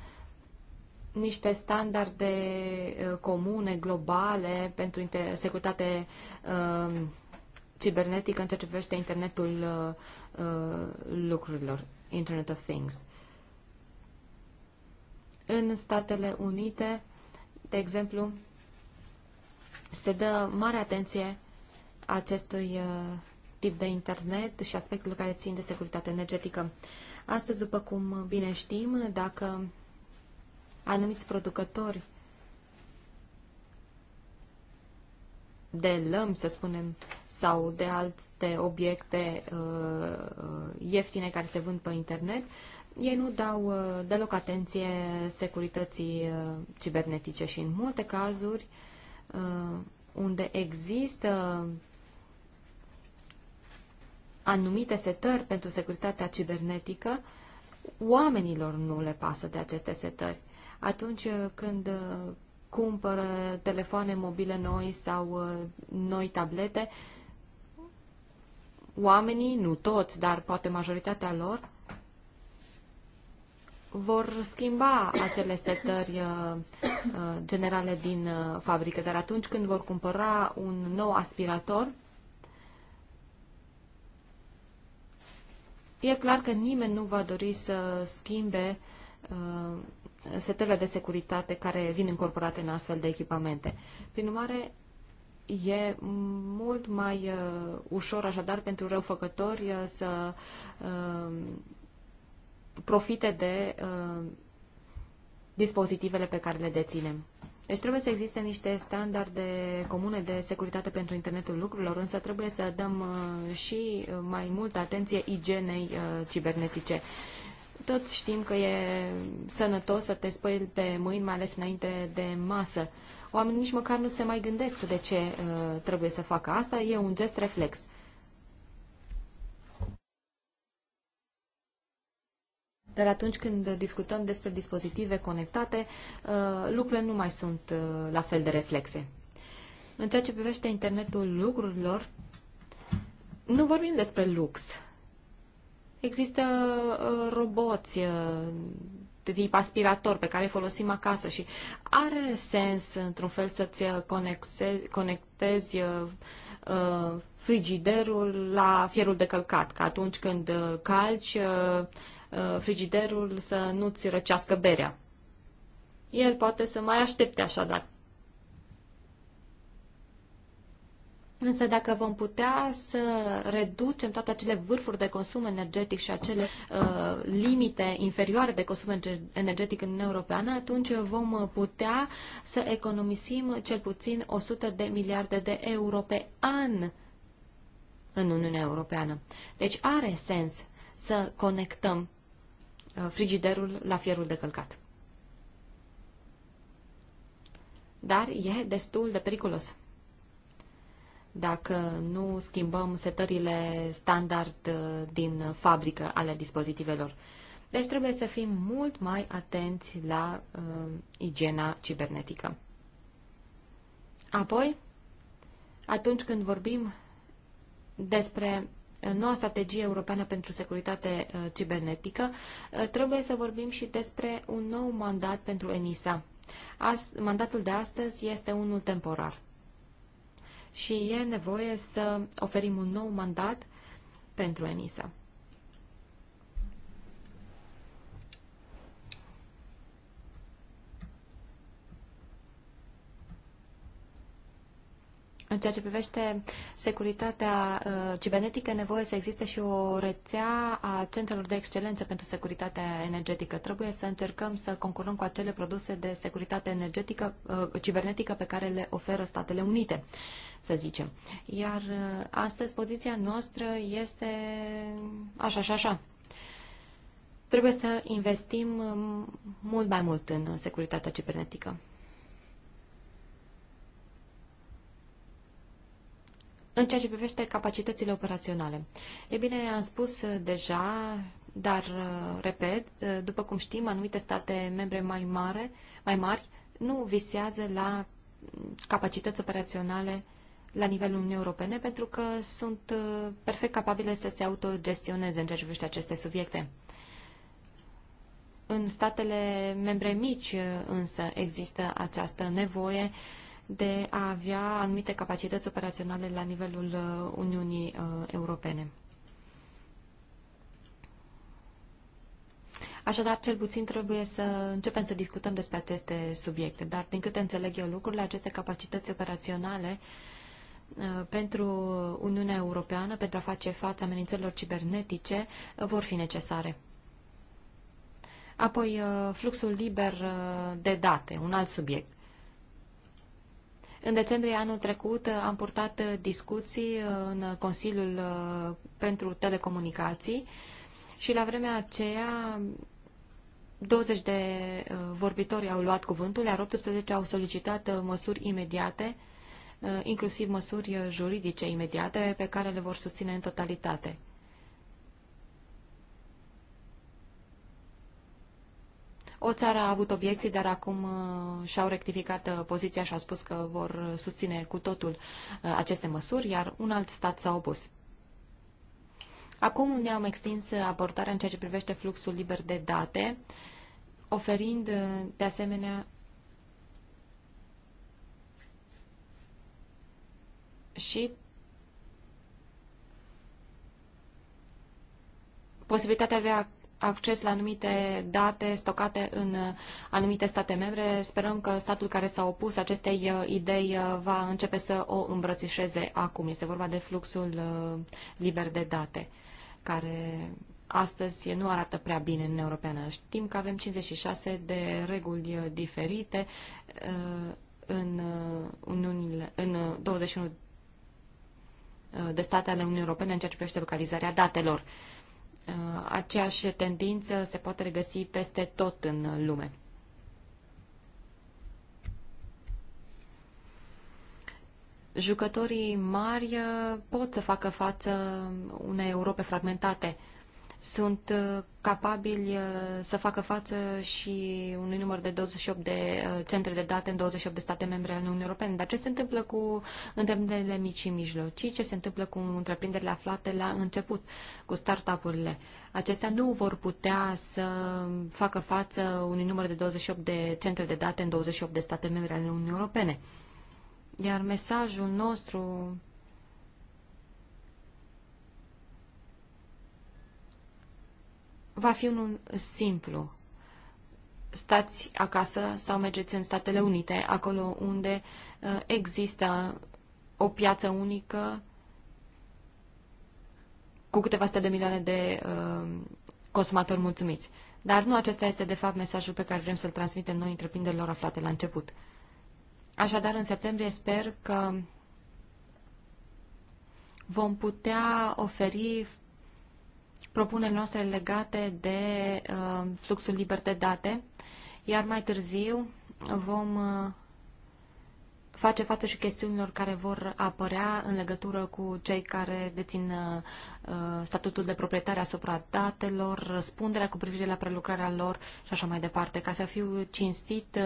niște standarde comune, globale, pentru securitate cibernetică în ceea ce privește internetul lucrurilor. Internet of Things. În Statele Unite, de exemplu, se dă mare atenție acestui uh, tip de internet și aspectul care țin de securitate energetică. Astăzi, după cum bine știm, dacă anumiți producători de lăm să spunem, sau de alte obiecte uh, uh, ieftine care se vând pe internet, ei nu dau uh, deloc atenție securității cibernetice și în multe cazuri unde există anumite setări pentru securitatea cibernetică, oamenilor nu le pasă de aceste setări. Atunci când cumpără telefoane mobile noi sau uh, noi tablete, oamenii, nu toți, dar poate majoritatea lor, vor schimba acele setări uh, uh, generale din fabrică, dar atunci când vor cumpăra un nou aspirator, e clar că nimeni nu va dori să schimbe uh, Uh, setele de securitate care vin incorporate în astfel de echipamente. Prin urmare, e mult mai uh, ușor așadar pentru răufăcători uh, să profite de dispozitivele pe care le deținem. Deci trebuie să existe niște standarde comune de securitate pentru internetul lucrurilor, însă trebuie să dăm și mai multă atenție igienei cibernetice. Toți știm că e sănătos să te speli pe mâini, mai ales înainte de masă. Oamenii nici măcar nu se mai gândesc de ce uh, trebuie să facă asta. E un gest reflex. Dar atunci când discutăm despre dispozitive conectate, uh, lucrurile nu mai sunt uh, la fel de reflexe. În ceea ce privește internetul lucrurilor, nu vorbim despre lux. Există uh, roboți uh, de tip aspirator pe care îi folosim acasă și are sens într-un fel să-ți uh, conectezi frigiderul la fierul de călcat, că atunci când calci frigiderul să nu-ți răcească berea. El poate să mai aștepte așa dar Însă dacă vom putea să reducem toate acele vârfuri de consum energetic și acele uh, limite inferioare de consum energetic în Uniunea Europeană, atunci vom putea să economisim cel puțin 100 de miliarde de euro pe an în Uniunea Europeană. Deci are sens să conectăm uh, frigiderul la fierul de călcat. Dar e destul de periculos dacă nu schimbăm setările standard uh, din fabrică ale dispozitivelor. Deci trebuie să fim mult mai atenți la uh, igiena cibernetică. Apoi, atunci când vorbim despre uh, noua strategie europeană pentru securitate uh, cibernetică, trebuie să vorbim și despre un nou mandat pentru ENISA. As, mandatul de astăzi este unul temporar și e nevoie să oferim un nou mandat pentru ENISA. În ceea ce privește securitatea uh, cibernetică, nevoie să existe și o rețea a centrelor de excelență pentru securitatea energetică. Trebuie să încercăm să concurăm cu acele produse de securitate energetică, uh, cibernetică pe care le oferă Statele Unite, să zicem. Iar uh, astăzi poziția noastră este așa și așa. Trebuie să investim uh, mult mai mult în securitatea cibernetică. În ceea ce privește capacitățile operaționale. E bine, am spus uh, deja, dar uh, repet, uh, după cum știm, anumite state membre mai, mare, mai mari nu visează la mm, capacități operaționale la nivelul Uniunii Europene pentru că sunt perfect capabile să se autogestioneze în ceea ce privește aceste subiecte. În statele membre mici însă există această nevoie uh, de a avea anumite capacități operaționale la nivelul uh, Uniunii uh, Europene. Așadar, cel puțin trebuie să începem să discutăm despre aceste subiecte, dar din câte înțeleg eu lucrurile, aceste capacități operaționale uh, pentru Uniunea Europeană, pentru a face față amenințărilor cibernetice, vor fi necesare. Apoi, fluxul liber de date, un alt subiect. În decembrie anul trecut am purtat discuții în Consiliul uh, pentru Telecomunicații și la vremea aceea 20 de uh, vorbitori au luat cuvântul, iar 18 au solicitat uh, măsuri imediate, inclusiv măsuri juridice imediate, pe care le vor susține în totalitate. O țară a avut obiecții, dar acum uh, și-au rectificat uh, poziția și au spus că vor susține cu totul uh, aceste măsuri, iar un alt stat s-a opus. Acum ne-am extins abordarea în ceea ce privește fluxul liber de date, oferind de asemenea și posibilitatea de a acces la anumite date stocate în anumite state membre. Sperăm că statul care s-a opus acestei uh, idei uh, va începe să o îmbrățișeze acum. Este vorba de fluxul uh, liber de date, care astăzi nu arată prea bine în Europeană. Știm că avem 56 de reguli diferite în, Uniunile, în 21 de state ale Uniunii Europene în ceea ce privește localizarea datelor. Uh, aceeași tendință se poate regăsi peste tot în lume. Jucătorii mari uh, pot să facă față unei Europe fragmentate, sunt uh, capabili uh, să facă față și unui număr de 28 de uh, centre de date în 28 de state membre ale Uniunii Europene. Dar ce se întâmplă cu întreprinderile mici și mijlocii? Ce se întâmplă cu întreprinderile aflate la început, cu startup-urile? Acestea nu vor putea să facă față unui număr de 28 de centre de date în 28 de state membre ale Uniunii Europene. Iar mesajul nostru va fi unul simplu. Stați acasă sau mergeți în Statele Unite, acolo unde uh, există o piață unică cu câteva sute de milioane de uh, consumatori mulțumiți. Dar nu acesta este, de fapt, mesajul pe care vrem să-l transmitem noi întreprinderilor aflate la început. Așadar, în septembrie sper că vom putea oferi propunerile noastre legate de uh, fluxul liber de date, iar mai târziu vom uh, face față și chestiunilor care vor apărea în legătură cu cei care dețin uh, statutul de proprietare asupra datelor, răspunderea cu privire la prelucrarea lor și așa mai departe. Ca să fiu cinstit,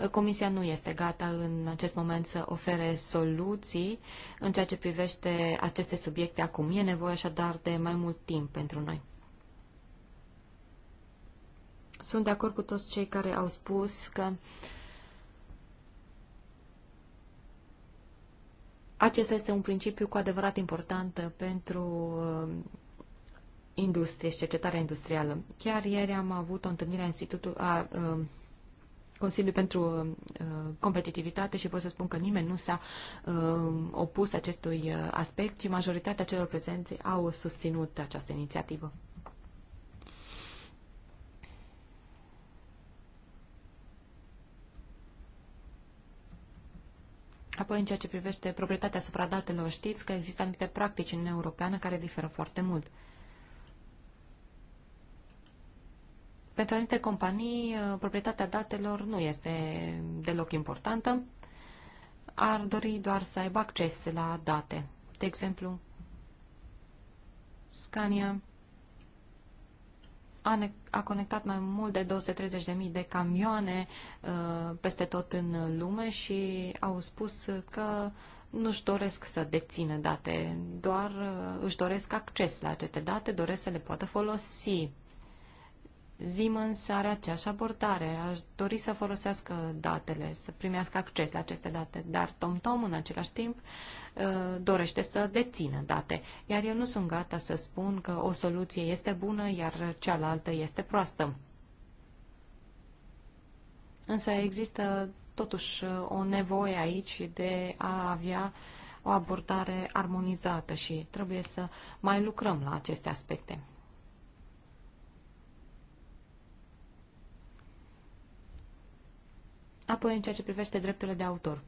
uh, Comisia nu este gata în acest moment să ofere soluții în ceea ce privește aceste subiecte acum. E nevoie așadar de mai mult timp pentru noi. Sunt de acord cu toți cei care au spus că uh, Acesta este un principiu cu adevărat important pentru uh, industrie și cercetarea industrială. Chiar ieri am avut o întâlnire a, Institutul, a, a uh, Consiliul pentru uh, Competitivitate și pot să spun că nimeni nu s-a opus acestui aspect și majoritatea celor prezenți au susținut această inițiativă. Apoi, în ceea ce privește proprietatea asupra datelor, știți că există anumite practici în Uniunea Europeană care diferă foarte mult. Pentru anumite companii, uh, proprietatea datelor nu este deloc importantă. Ar dori doar să aibă acces la date. De exemplu, Scania a conectat mai mult de 230.000 de camioane uh, peste tot în lume și au spus că nu-și doresc să dețină date, doar uh, își doresc acces la aceste date, doresc să le poată folosi în are aceeași abordare. Aș dori să folosească datele, să primească acces la aceste date, dar TomTom în același timp uh, dorește să dețină date. Iar eu nu sunt gata să spun că o soluție este bună, iar cealaltă este proastă. Însă există totuși o nevoie aici de a avea o abordare armonizată și trebuie să mai lucrăm la aceste aspecte. Apoi, în ceea ce privește drepturile de autor.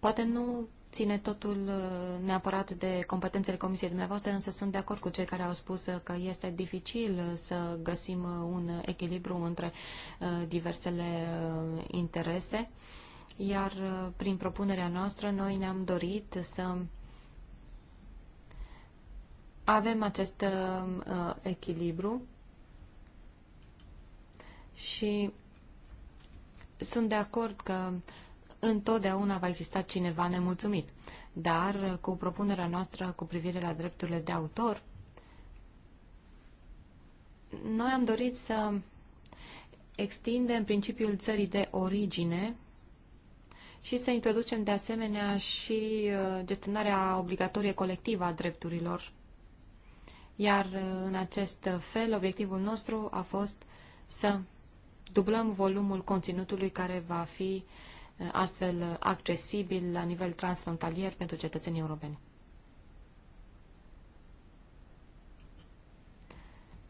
Poate nu ține totul uh, neapărat de competențele comisiei dumneavoastră, însă sunt de acord cu cei care au spus uh, că este dificil uh, să găsim un echilibru între diversele interese, iar prin propunerea noastră noi ne-am dorit să avem acest echilibru și sunt de acord că întotdeauna va exista cineva nemulțumit. Dar cu propunerea noastră cu privire la drepturile de autor, noi am dorit să extindem principiul țării de origine și să introducem de asemenea și uh, gestionarea obligatorie colectivă a drepturilor. Iar uh, în acest fel, obiectivul nostru a fost să dublăm volumul conținutului care va fi eh, astfel accesibil la nivel transfrontalier pentru cetățenii europeni.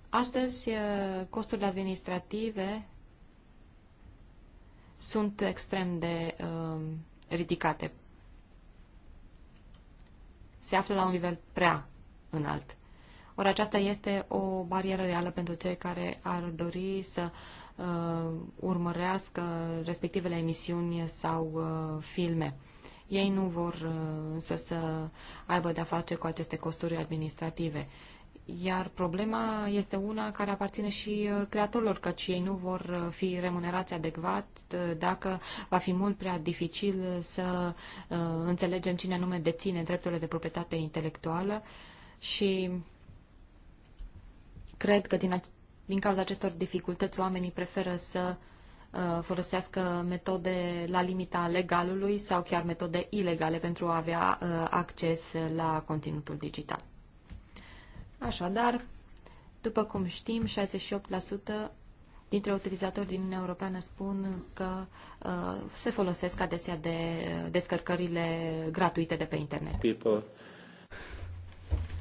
Astăzi, eh, costurile administrative sunt extrem de uh, ridicate. Se află la un nivel prea înalt. Ori aceasta este o barieră reală pentru cei care ar dori să uh, Uh, urmărească respectivele emisiuni sau uh, filme. Ei nu vor uh, însă să aibă de-a face cu aceste costuri administrative. Iar problema este una care aparține și creatorilor, căci ei nu vor fi remunerați adecvat dacă va fi mult prea dificil să înțelegem cine anume deține drepturile de proprietate intelectuală și cred că din din cauza acestor dificultăți, oamenii preferă să uh, folosească metode la limita legalului sau chiar metode ilegale pentru a avea uh, acces la conținutul digital. Așadar, după cum știm, 68% dintre utilizatori din Uniunea Europeană spun că uh, se folosesc adesea de uh, descărcările gratuite de pe internet. People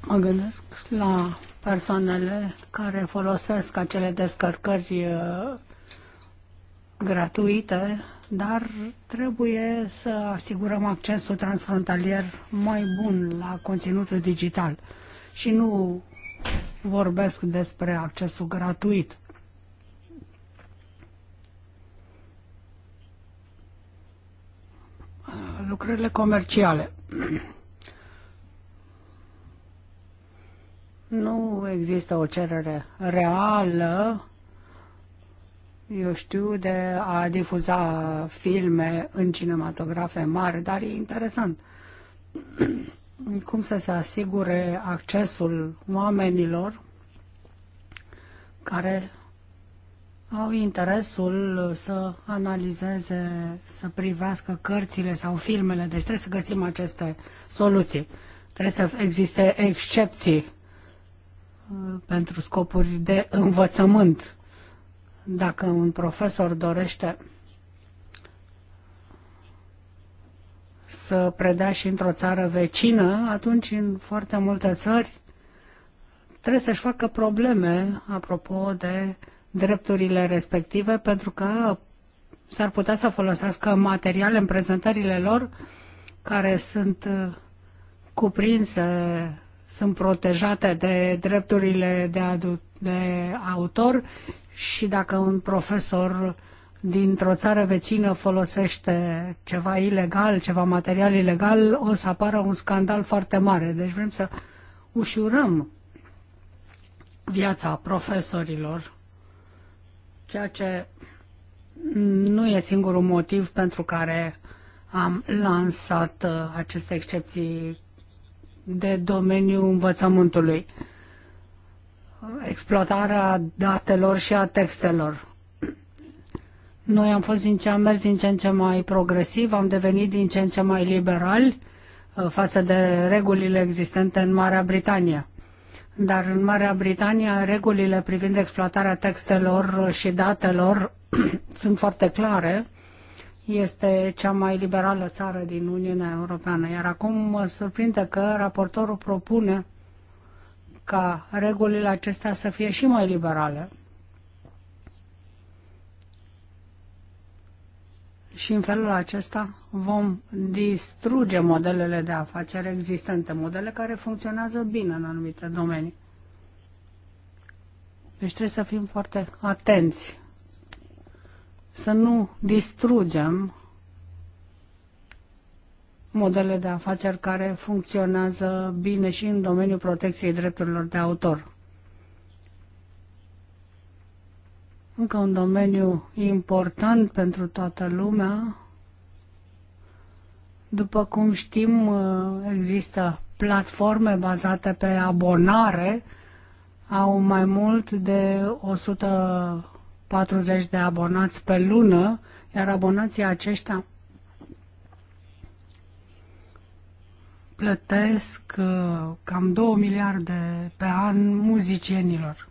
Mă gândesc la persoanele care folosesc acele descărcări uh, gratuite, dar trebuie să asigurăm accesul transfrontalier mai bun la conținutul digital. Și nu vorbesc despre accesul gratuit. Uh, lucrările comerciale. nu există o cerere reală, eu știu, de a difuza filme în cinematografe mari, dar e interesant cum să se asigure accesul oamenilor care au interesul să analizeze, să privească cărțile sau filmele. Deci trebuie să găsim aceste soluții. Trebuie să existe excepții pentru scopuri de învățământ. Dacă un profesor dorește să predea și într-o țară vecină, atunci în foarte multe țări trebuie să-și facă probleme apropo de drepturile respective, pentru că s-ar putea să folosească materiale în prezentările lor care sunt cuprinse sunt protejate de drepturile de, de autor și dacă un profesor dintr-o țară vecină folosește ceva ilegal, ceva material ilegal, o să apară un scandal foarte mare. Deci vrem să ușurăm viața profesorilor, ceea ce nu e singurul motiv pentru care am lansat uh, aceste excepții de domeniul învățământului, exploatarea datelor și a textelor. Noi am fost din ce am mers din ce în ce mai progresiv, am devenit din ce în ce mai liberali uh, față de regulile existente în Marea Britanie. Dar în Marea Britanie regulile privind exploatarea textelor și datelor sunt foarte clare este cea mai liberală țară din Uniunea Europeană. Iar acum mă surprinde că raportorul propune ca regulile acestea să fie și mai liberale. Și în felul acesta vom distruge modelele de afaceri existente, modele care funcționează bine în anumite domenii. Deci trebuie să fim foarte atenți să nu distrugem modele de afaceri care funcționează bine și în domeniul protecției drepturilor de autor. Încă un domeniu important pentru toată lumea. După cum știm, există platforme bazate pe abonare, au mai mult de 100 40 de abonați pe lună, iar abonații aceștia plătesc uh, cam 2 miliarde pe an muzicienilor.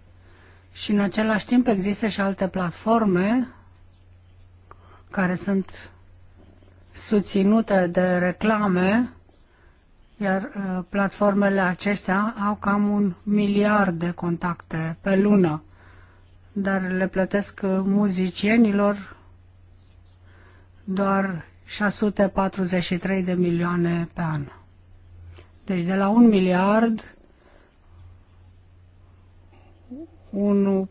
Și în același timp există și alte platforme care sunt susținute de reclame, iar uh, platformele acestea au cam un miliard de contacte pe lună dar le plătesc muzicienilor doar 643 de milioane pe an. Deci de la un miliard 1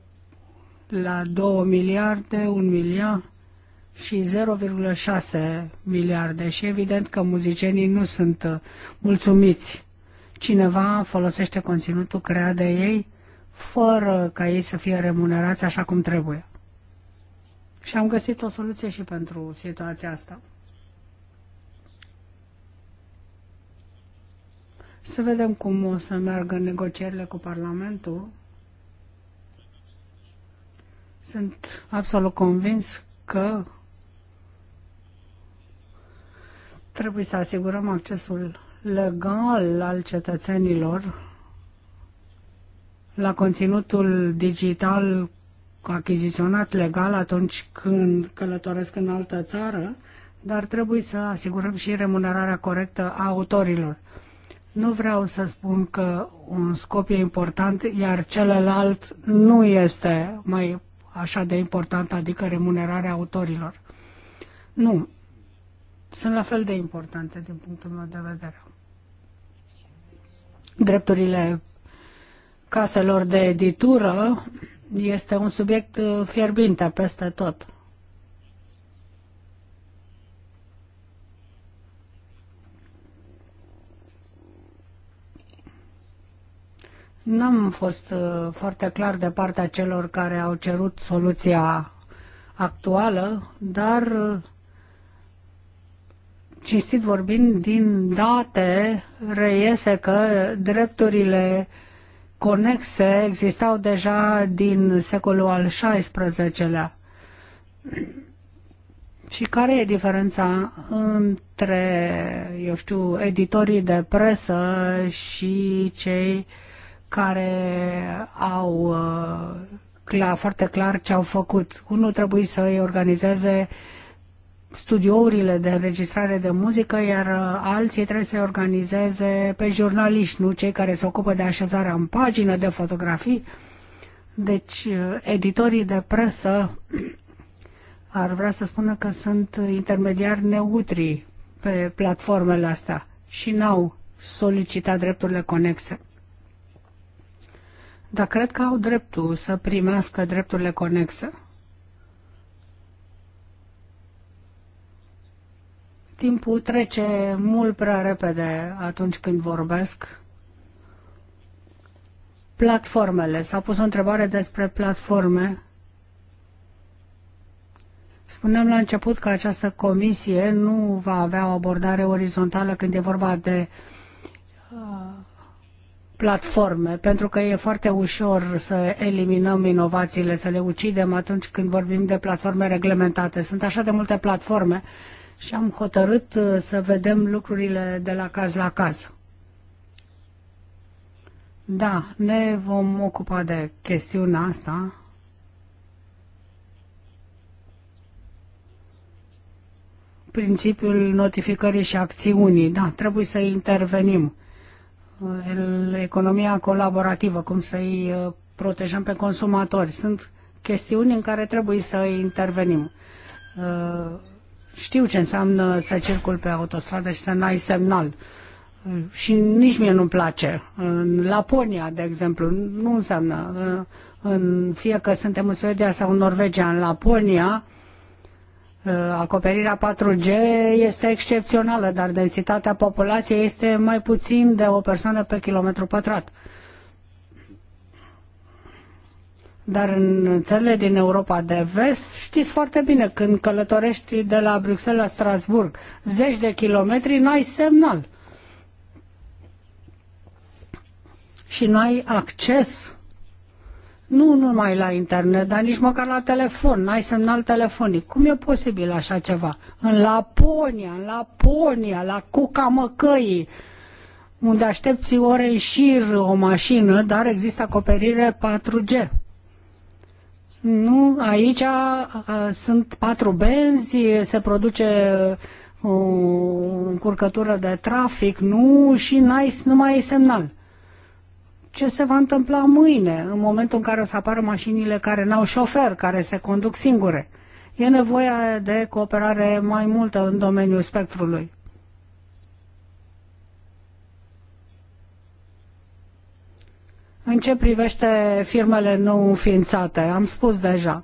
la 2 miliarde, 1 miliard și 0,6 miliarde și evident că muzicienii nu sunt uh, mulțumiți. Cineva folosește conținutul creat de ei fără ca ei să fie remunerați așa cum trebuie. Și am găsit o soluție și pentru situația asta. Să vedem cum o să meargă negocierile cu Parlamentul. Sunt absolut convins că trebuie să asigurăm accesul legal al cetățenilor la conținutul digital achiziționat legal atunci când călătoresc în altă țară, dar trebuie să asigurăm și remunerarea corectă a autorilor. Nu vreau să spun că un scop e important, iar celălalt nu este mai așa de important, adică remunerarea autorilor. Nu. Sunt la fel de importante din punctul meu de vedere. Drepturile caselor de editură este un subiect uh, fierbinte peste tot. N-am fost uh, foarte clar de partea celor care au cerut soluția actuală, dar uh, cinstit vorbind, din date reiese că drepturile uh, conexe existau deja din secolul al XVI-lea. Și care e diferența între, eu știu, editorii de presă și cei care au uh, clar, foarte clar ce au făcut? Unul trebuie să îi organizeze uh, studiourile de înregistrare de muzică, iar uh, alții trebuie să organizeze pe jurnaliști, nu cei care se ocupă de așezarea în pagină, de fotografii. Deci, uh, editorii de presă ar vrea să spună că sunt intermediari neutri pe platformele astea și n-au solicitat drepturile conexe. Dar cred că au dreptul să primească drepturile conexe. Timpul trece mult prea repede atunci când vorbesc. Platformele. S-a pus o întrebare despre platforme. Spuneam la început că această comisie nu va avea o abordare orizontală când e vorba de uh, platforme, pentru că e foarte ușor să eliminăm inovațiile, să le ucidem atunci când vorbim de platforme reglementate. Sunt așa de multe platforme și am hotărât uh, să vedem lucrurile de la caz la caz. Da, ne vom ocupa de chestiunea asta. Principiul notificării și acțiunii, da, trebuie să intervenim. Uh, economia colaborativă, cum să-i uh, protejăm pe consumatori, sunt chestiuni în care trebuie să intervenim știu ce înseamnă să circul pe autostradă și să n-ai semnal. Și nici mie nu-mi place. În Laponia, de exemplu, nu înseamnă. În, fie că suntem în Suedia sau în Norvegia, în Laponia, acoperirea 4G este excepțională, dar densitatea populației este mai puțin de o persoană pe kilometru pătrat. Dar în țările din Europa de vest, știți foarte bine, când călătorești de la Bruxelles la Strasburg, zeci de kilometri, n-ai semnal. Și n-ai acces nu numai la internet, dar nici măcar la telefon, n-ai semnal telefonic. Cum e posibil așa ceva? În Laponia, în Laponia, la Cuca Măcăii, unde aștepți ore în șir o mașină, dar există acoperire 4G. Nu, aici a, sunt patru benzi, se produce o încurcătură de trafic, nu, și n-ai, nu mai e semnal. Ce se va întâmpla mâine, în momentul în care o să apară mașinile care n-au șofer, care se conduc singure? E nevoie de cooperare mai multă în domeniul spectrului. În ce privește firmele nou înființate, am spus deja.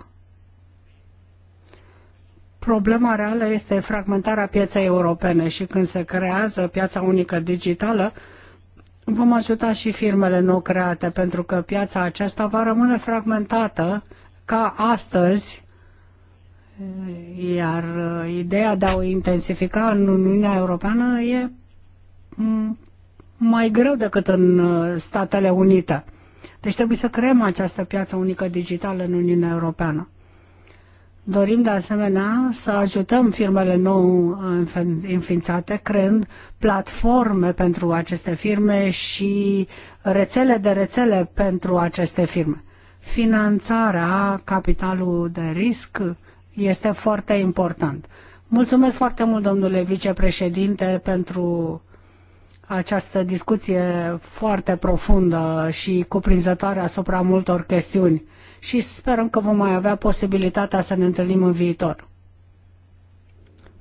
Problema reală este fragmentarea pieței europene și când se creează piața unică digitală, vom ajuta și firmele nou create, pentru că piața aceasta va rămâne fragmentată ca astăzi, iar uh, ideea de a o intensifica în Uniunea Europeană e mm, mai greu decât în uh, Statele Unite. Deci trebuie să creăm această piață unică digitală în Uniunea Europeană. Dorim de asemenea să ajutăm firmele nou înființate creând platforme pentru aceste firme și rețele de rețele pentru aceste firme. Finanțarea, capitalului de risc este foarte important. Mulțumesc foarte mult, domnule vicepreședinte, pentru această discuție foarte profundă și cuprinzătoare asupra multor chestiuni și sperăm că vom mai avea posibilitatea să ne întâlnim în viitor.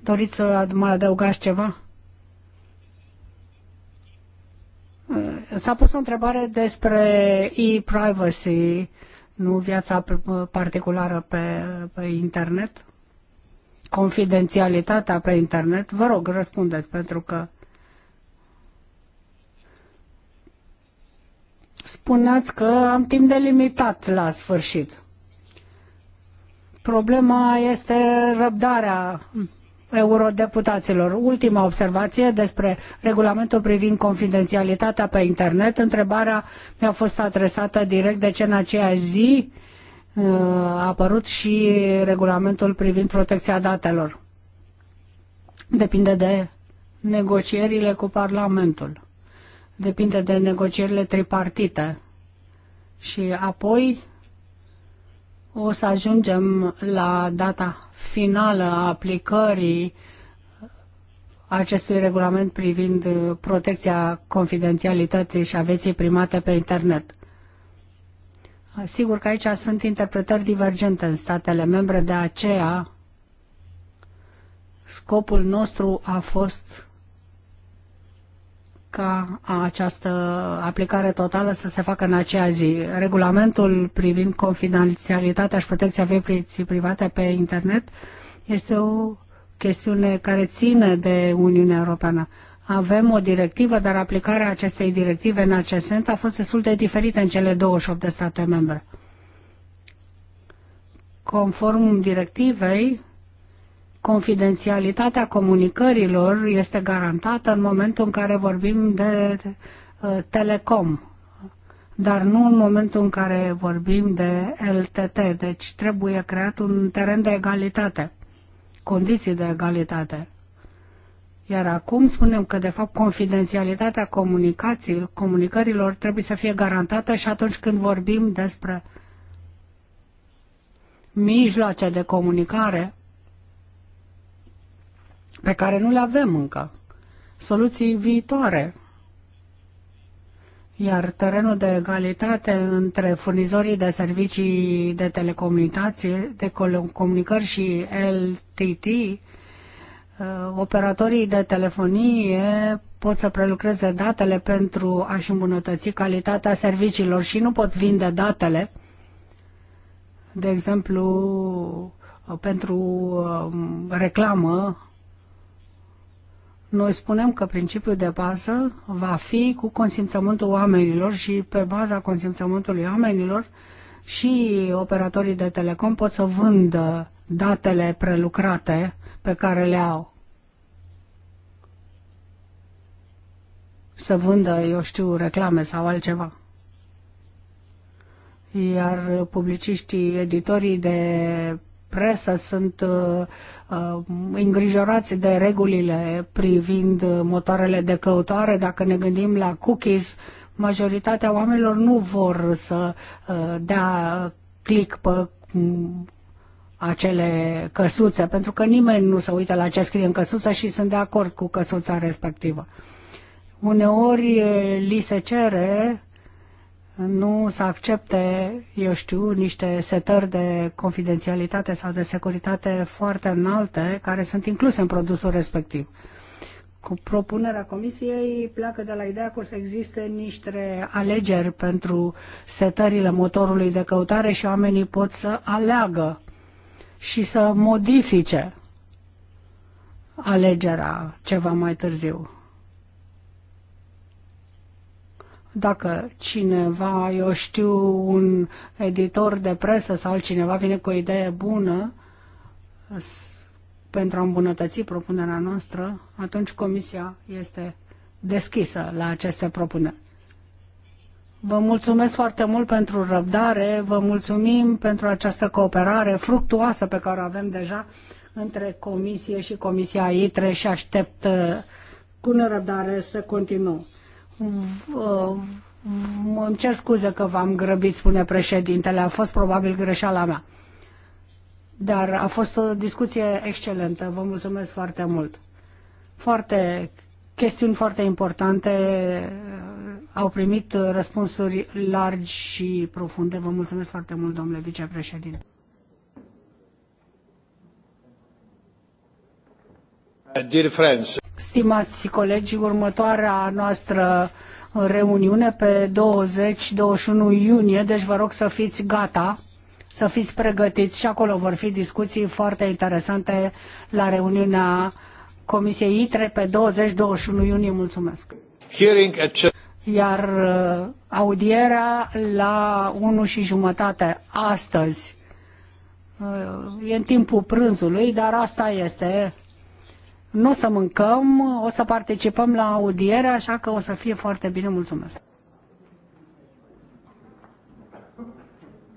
Doriți să mai adăugați ceva? Eh, s-a pus o întrebare despre e-privacy, nu viața particulară pe, pe internet, confidențialitatea pe internet. Vă rog, răspundeți, pentru că spuneați că am timp delimitat la sfârșit. Problema este răbdarea eurodeputaților. Ultima observație despre regulamentul privind confidențialitatea pe internet. Întrebarea mi-a fost adresată direct de ce în aceea zi uh, a apărut și regulamentul privind protecția datelor. Depinde de negocierile cu Parlamentul depinde de negocierile tripartite. Și apoi o să ajungem la data finală a aplicării acestui regulament privind protecția confidențialității și a vieții primate pe internet. Sigur că aici sunt interpretări divergente în statele membre, de aceea scopul nostru a fost ca această aplicare totală să se facă în aceea zi. Regulamentul privind confidențialitatea și protecția vieții private pe internet este o chestiune care ține de Uniunea Europeană. Avem o directivă, dar aplicarea acestei directive în acest sens a fost destul de diferită în cele 28 de state membre. Conform directivei, confidențialitatea comunicărilor este garantată în momentul în care vorbim de uh, telecom, dar nu în momentul în care vorbim de LTT. Deci trebuie creat un teren de egalitate, condiții de egalitate. Iar acum spunem că, de fapt, confidențialitatea comunicărilor trebuie să fie garantată și atunci când vorbim despre mijloace de comunicare, pe care nu le avem încă, soluții viitoare. Iar terenul de egalitate între furnizorii de servicii de telecomunicații, de comunicări și LTT, uh, operatorii de telefonie pot să prelucreze datele pentru a-și îmbunătăți calitatea serviciilor și nu pot vinde datele, de exemplu, uh, pentru uh, reclamă noi spunem că principiul de bază va fi cu consimțământul oamenilor și pe baza consimțământului oamenilor și operatorii de telecom pot să vândă datele prelucrate pe care le au. Să vândă, eu știu, reclame sau altceva. Iar publiciștii, editorii de presă sunt uh, uh, îngrijorați de regulile privind uh, motoarele de căutare. Dacă ne gândim la cookies, majoritatea oamenilor nu vor să uh, dea click pe mm, acele căsuțe, pentru că nimeni nu se uită la ce scrie în căsuță și sunt de acord cu căsuța respectivă. Uneori uh, li se cere nu să accepte, eu știu, niște setări de confidențialitate sau de securitate foarte înalte care sunt incluse în produsul respectiv. Cu propunerea comisiei pleacă de la ideea că o să existe niște alegeri pentru setările motorului de căutare și oamenii pot să aleagă și să modifice alegerea ceva mai târziu. Dacă cineva, eu știu, un editor de presă sau cineva vine cu o idee bună pentru a îmbunătăți propunerea noastră, atunci comisia este deschisă la aceste propuneri. Vă mulțumesc foarte mult pentru răbdare, vă mulțumim pentru această cooperare fructuoasă pe care o avem deja între Comisie și Comisia ITRE și aștept uh, cu nerăbdare să continuăm. Uh, îmi cer scuze că v-am grăbit, spune președintele, a fost probabil greșeala mea. Dar a fost o discuție excelentă, vă mulțumesc foarte mult. Foarte, chestiuni foarte importante uh, au primit răspunsuri largi și profunde. Vă mulțumesc foarte mult, domnule vicepreședinte. Dear friends, Stimați colegi, următoarea noastră reuniune pe 20-21 iunie, deci vă rog să fiți gata, să fiți pregătiți și acolo vor fi discuții foarte interesante la reuniunea Comisiei ITRE pe 20-21 iunie. Mulțumesc! Iar uh, audierea la 1 și jumătate astăzi, uh, e în timpul prânzului, dar asta este nu o să mâncăm, o să participăm la audiere, așa că o să fie foarte bine. Mulțumesc!